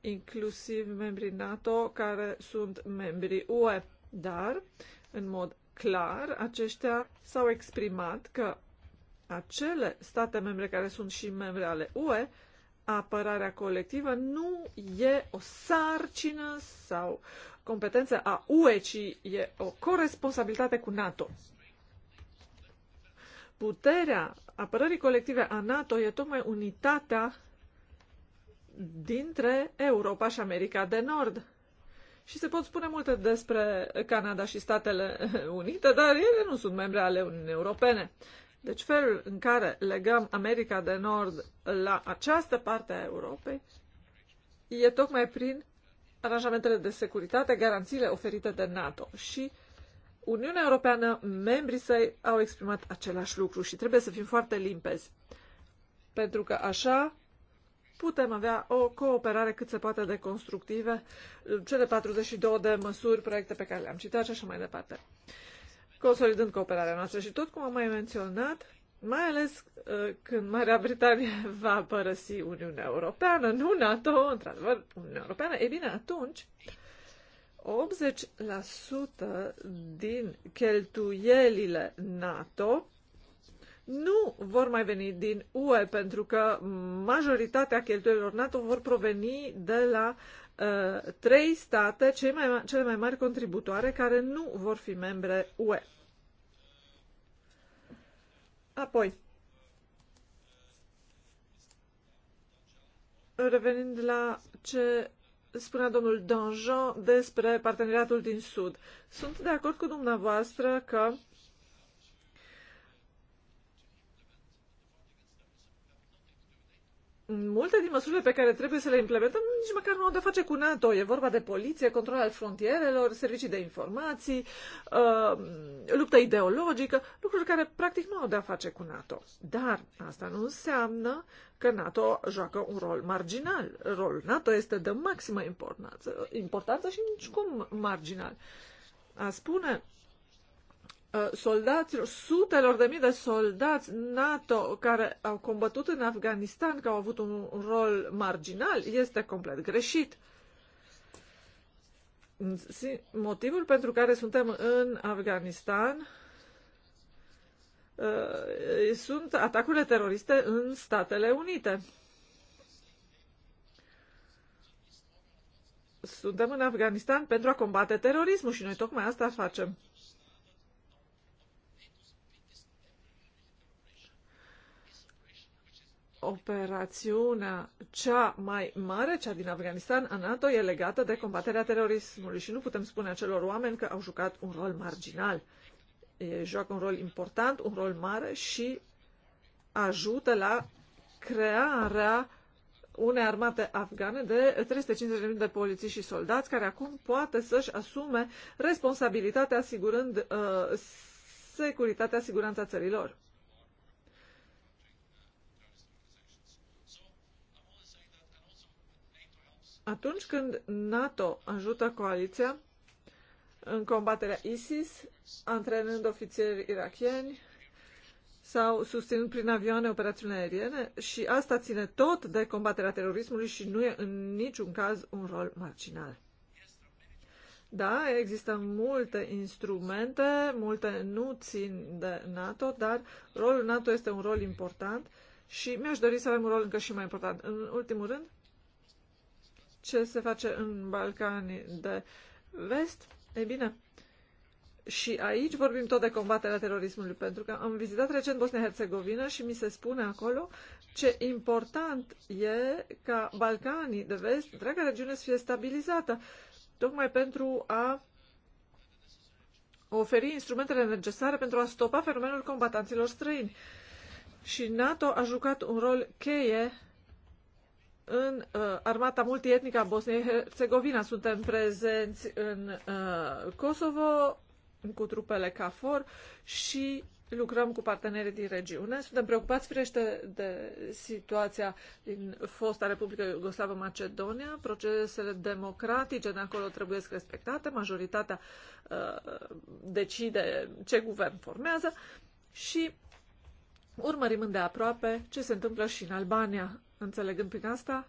inclusiv membrii NATO care sunt membrii UE, dar, în mod clar, aceștia s-au exprimat că acele state membre care sunt și membre ale UE, apărarea colectivă nu e o sarcină sau competență a UE, ci e o corresponsabilitate cu NATO. Puterea apărării colective a NATO e tocmai unitatea dintre Europa și America de Nord. Și se pot spune multe despre Canada și Statele Unite, dar ele nu sunt membre ale Uniunii Europene. Deci felul în care legăm America de Nord la această parte a Europei e tocmai prin aranjamentele de securitate, garanțiile oferite de NATO și Uniunea Europeană, membrii săi au exprimat același lucru și trebuie să fim foarte limpezi, pentru că așa putem avea o cooperare cât se poate de constructive, cele 42 de măsuri, proiecte pe care le-am citat și așa mai departe consolidând cooperarea noastră. Și tot cum am mai menționat, mai ales uh, când Marea Britanie *laughs* va părăsi Uniunea Europeană, nu NATO, într-adevăr, Uniunea Europeană, e bine, atunci 80% din cheltuielile NATO nu vor mai veni din UE, pentru că majoritatea cheltuielilor NATO vor proveni de la uh, trei state, cei mai, cele mai mari contributoare, care nu vor fi membre UE. Apoi, revenind la ce spunea domnul Donjon despre parteneriatul din Sud. Sunt de acord cu dumneavoastră că multe din măsurile pe care trebuie să le implementăm nici măcar nu au de face cu NATO. E vorba de poliție, control al frontierelor, servicii de informații, uh, luptă ideologică, lucruri care practic nu au de a face cu NATO. Dar asta nu înseamnă că NATO joacă un rol marginal. Rolul NATO este de maximă importanță, importanță și nici cum marginal. A spune Uh, soldaților, sutelor de mii de soldați NATO care au combătut în Afganistan, că au avut un, rol marginal, este complet greșit. Motivul pentru care suntem în Afganistan uh, sunt atacurile teroriste în Statele Unite. Suntem în Afganistan pentru a combate terorismul și noi tocmai asta facem. operațiunea cea mai mare, cea din Afganistan, a NATO, e legată de combaterea terorismului și nu putem spune acelor oameni că au jucat un rol marginal. E, joacă un rol important, un rol mare și ajută la crearea unei armate afgane de 350.000 de polițiști și soldați care acum poate să-și asume responsabilitatea asigurând uh, securitatea, siguranța țărilor. Atunci când NATO ajută coaliția în combaterea ISIS, antrenând ofițieri irakieni sau susținând prin avioane operațiuni aeriene, și asta ține tot de combaterea terorismului și nu e în niciun caz un rol marginal. Da, există multe instrumente, multe nu țin de NATO, dar rolul NATO este un rol important și mi-aș dori să avem un rol încă și mai important. În ultimul rând, ce se face în Balcanii de vest, e bine, și aici vorbim tot de combaterea terorismului, pentru că am vizitat recent Bosnia-Herzegovina și mi se spune acolo ce important e ca Balcanii de vest, întreaga regiune să fie stabilizată, tocmai pentru a oferi instrumentele necesare pentru a stopa fenomenul combatanților străini. Și NATO a jucat un rol cheie în uh, armata multietnică a Bosniei-Herzegovina. Suntem prezenți în uh, Kosovo cu trupele CAFOR și lucrăm cu partenerii din regiune. Suntem preocupați, firește, de situația din fosta Republică Iugoslavă Macedonia. Procesele democratice de acolo trebuie respectate. Majoritatea uh, decide ce guvern formează și urmărim îndeaproape ce se întâmplă și în Albania înțelegând prin asta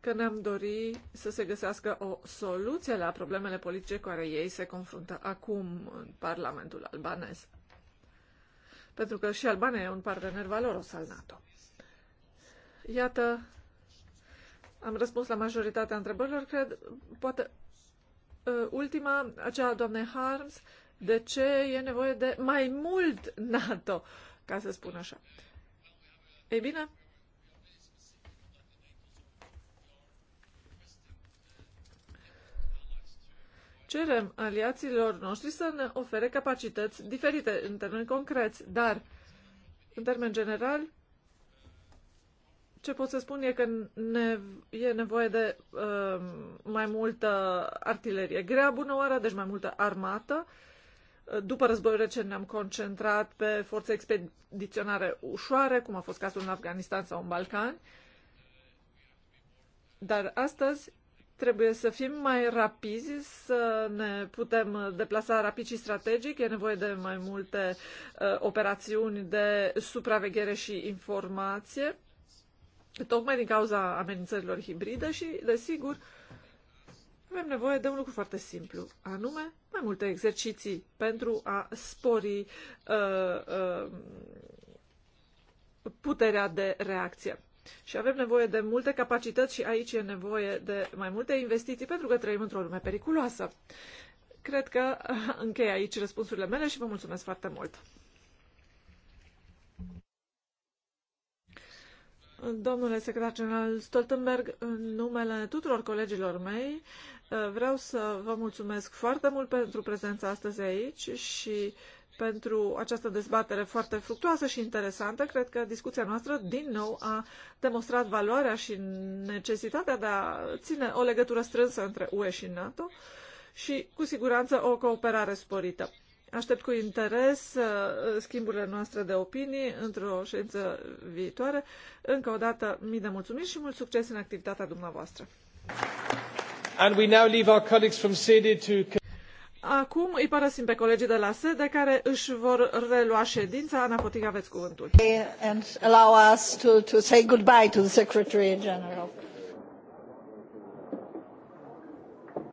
că ne-am dori să se găsească o soluție la problemele politice cu care ei se confruntă acum în Parlamentul albanez. Pentru că și Albania e un partener valoros al NATO. Iată, am răspuns la majoritatea întrebărilor, cred, poate uh, ultima, aceea a doamnei Harms, de ce e nevoie de mai mult NATO, ca să spun așa. Ei bine, Cerem aliaților noștri să ne ofere capacități diferite în termeni concreți, dar, în termeni general, ce pot să spun e că ne, e nevoie de uh, mai multă artilerie grea, bună oară, deci mai multă armată. Uh, după războiul recent, ne-am concentrat pe forțe expediționare ușoare, cum a fost cazul în Afganistan sau în Balcani. Dar astăzi Trebuie să fim mai rapizi, să ne putem deplasa rapid și strategic. E nevoie de mai multe uh, operațiuni de supraveghere și informație, tocmai din cauza amenințărilor hibride și, desigur, avem nevoie de un lucru foarte simplu, anume mai multe exerciții pentru a spori uh, uh, puterea de reacție. Și avem nevoie de multe capacități și aici e nevoie de mai multe investiții pentru că trăim într-o lume periculoasă. Cred că *laughs* închei aici răspunsurile mele și vă mulțumesc foarte mult. Domnule secretar general Stoltenberg, în numele tuturor colegilor mei, eh, vreau să vă mulțumesc foarte mult pentru prezența astăzi aici și uh, pentru această dezbatere foarte fructuoasă și interesantă. Cred că discuția noastră, din nou, a demonstrat valoarea și necesitatea de a ține o legătură strânsă între UE și NATO și, cu siguranță, o cooperare sporită. Aștept cu interes uh, schimburile noastre de opinii într-o ședință viitoare. Încă o dată, mii de mulțumiri și mult succes în activitatea dumneavoastră. And we now leave our colleagues from CD to Acum îi părăsim pe colegii de la sede care își vor relua ședința. Ana Potic, aveți cuvântul. And allow us to, to say goodbye to the Secretary General.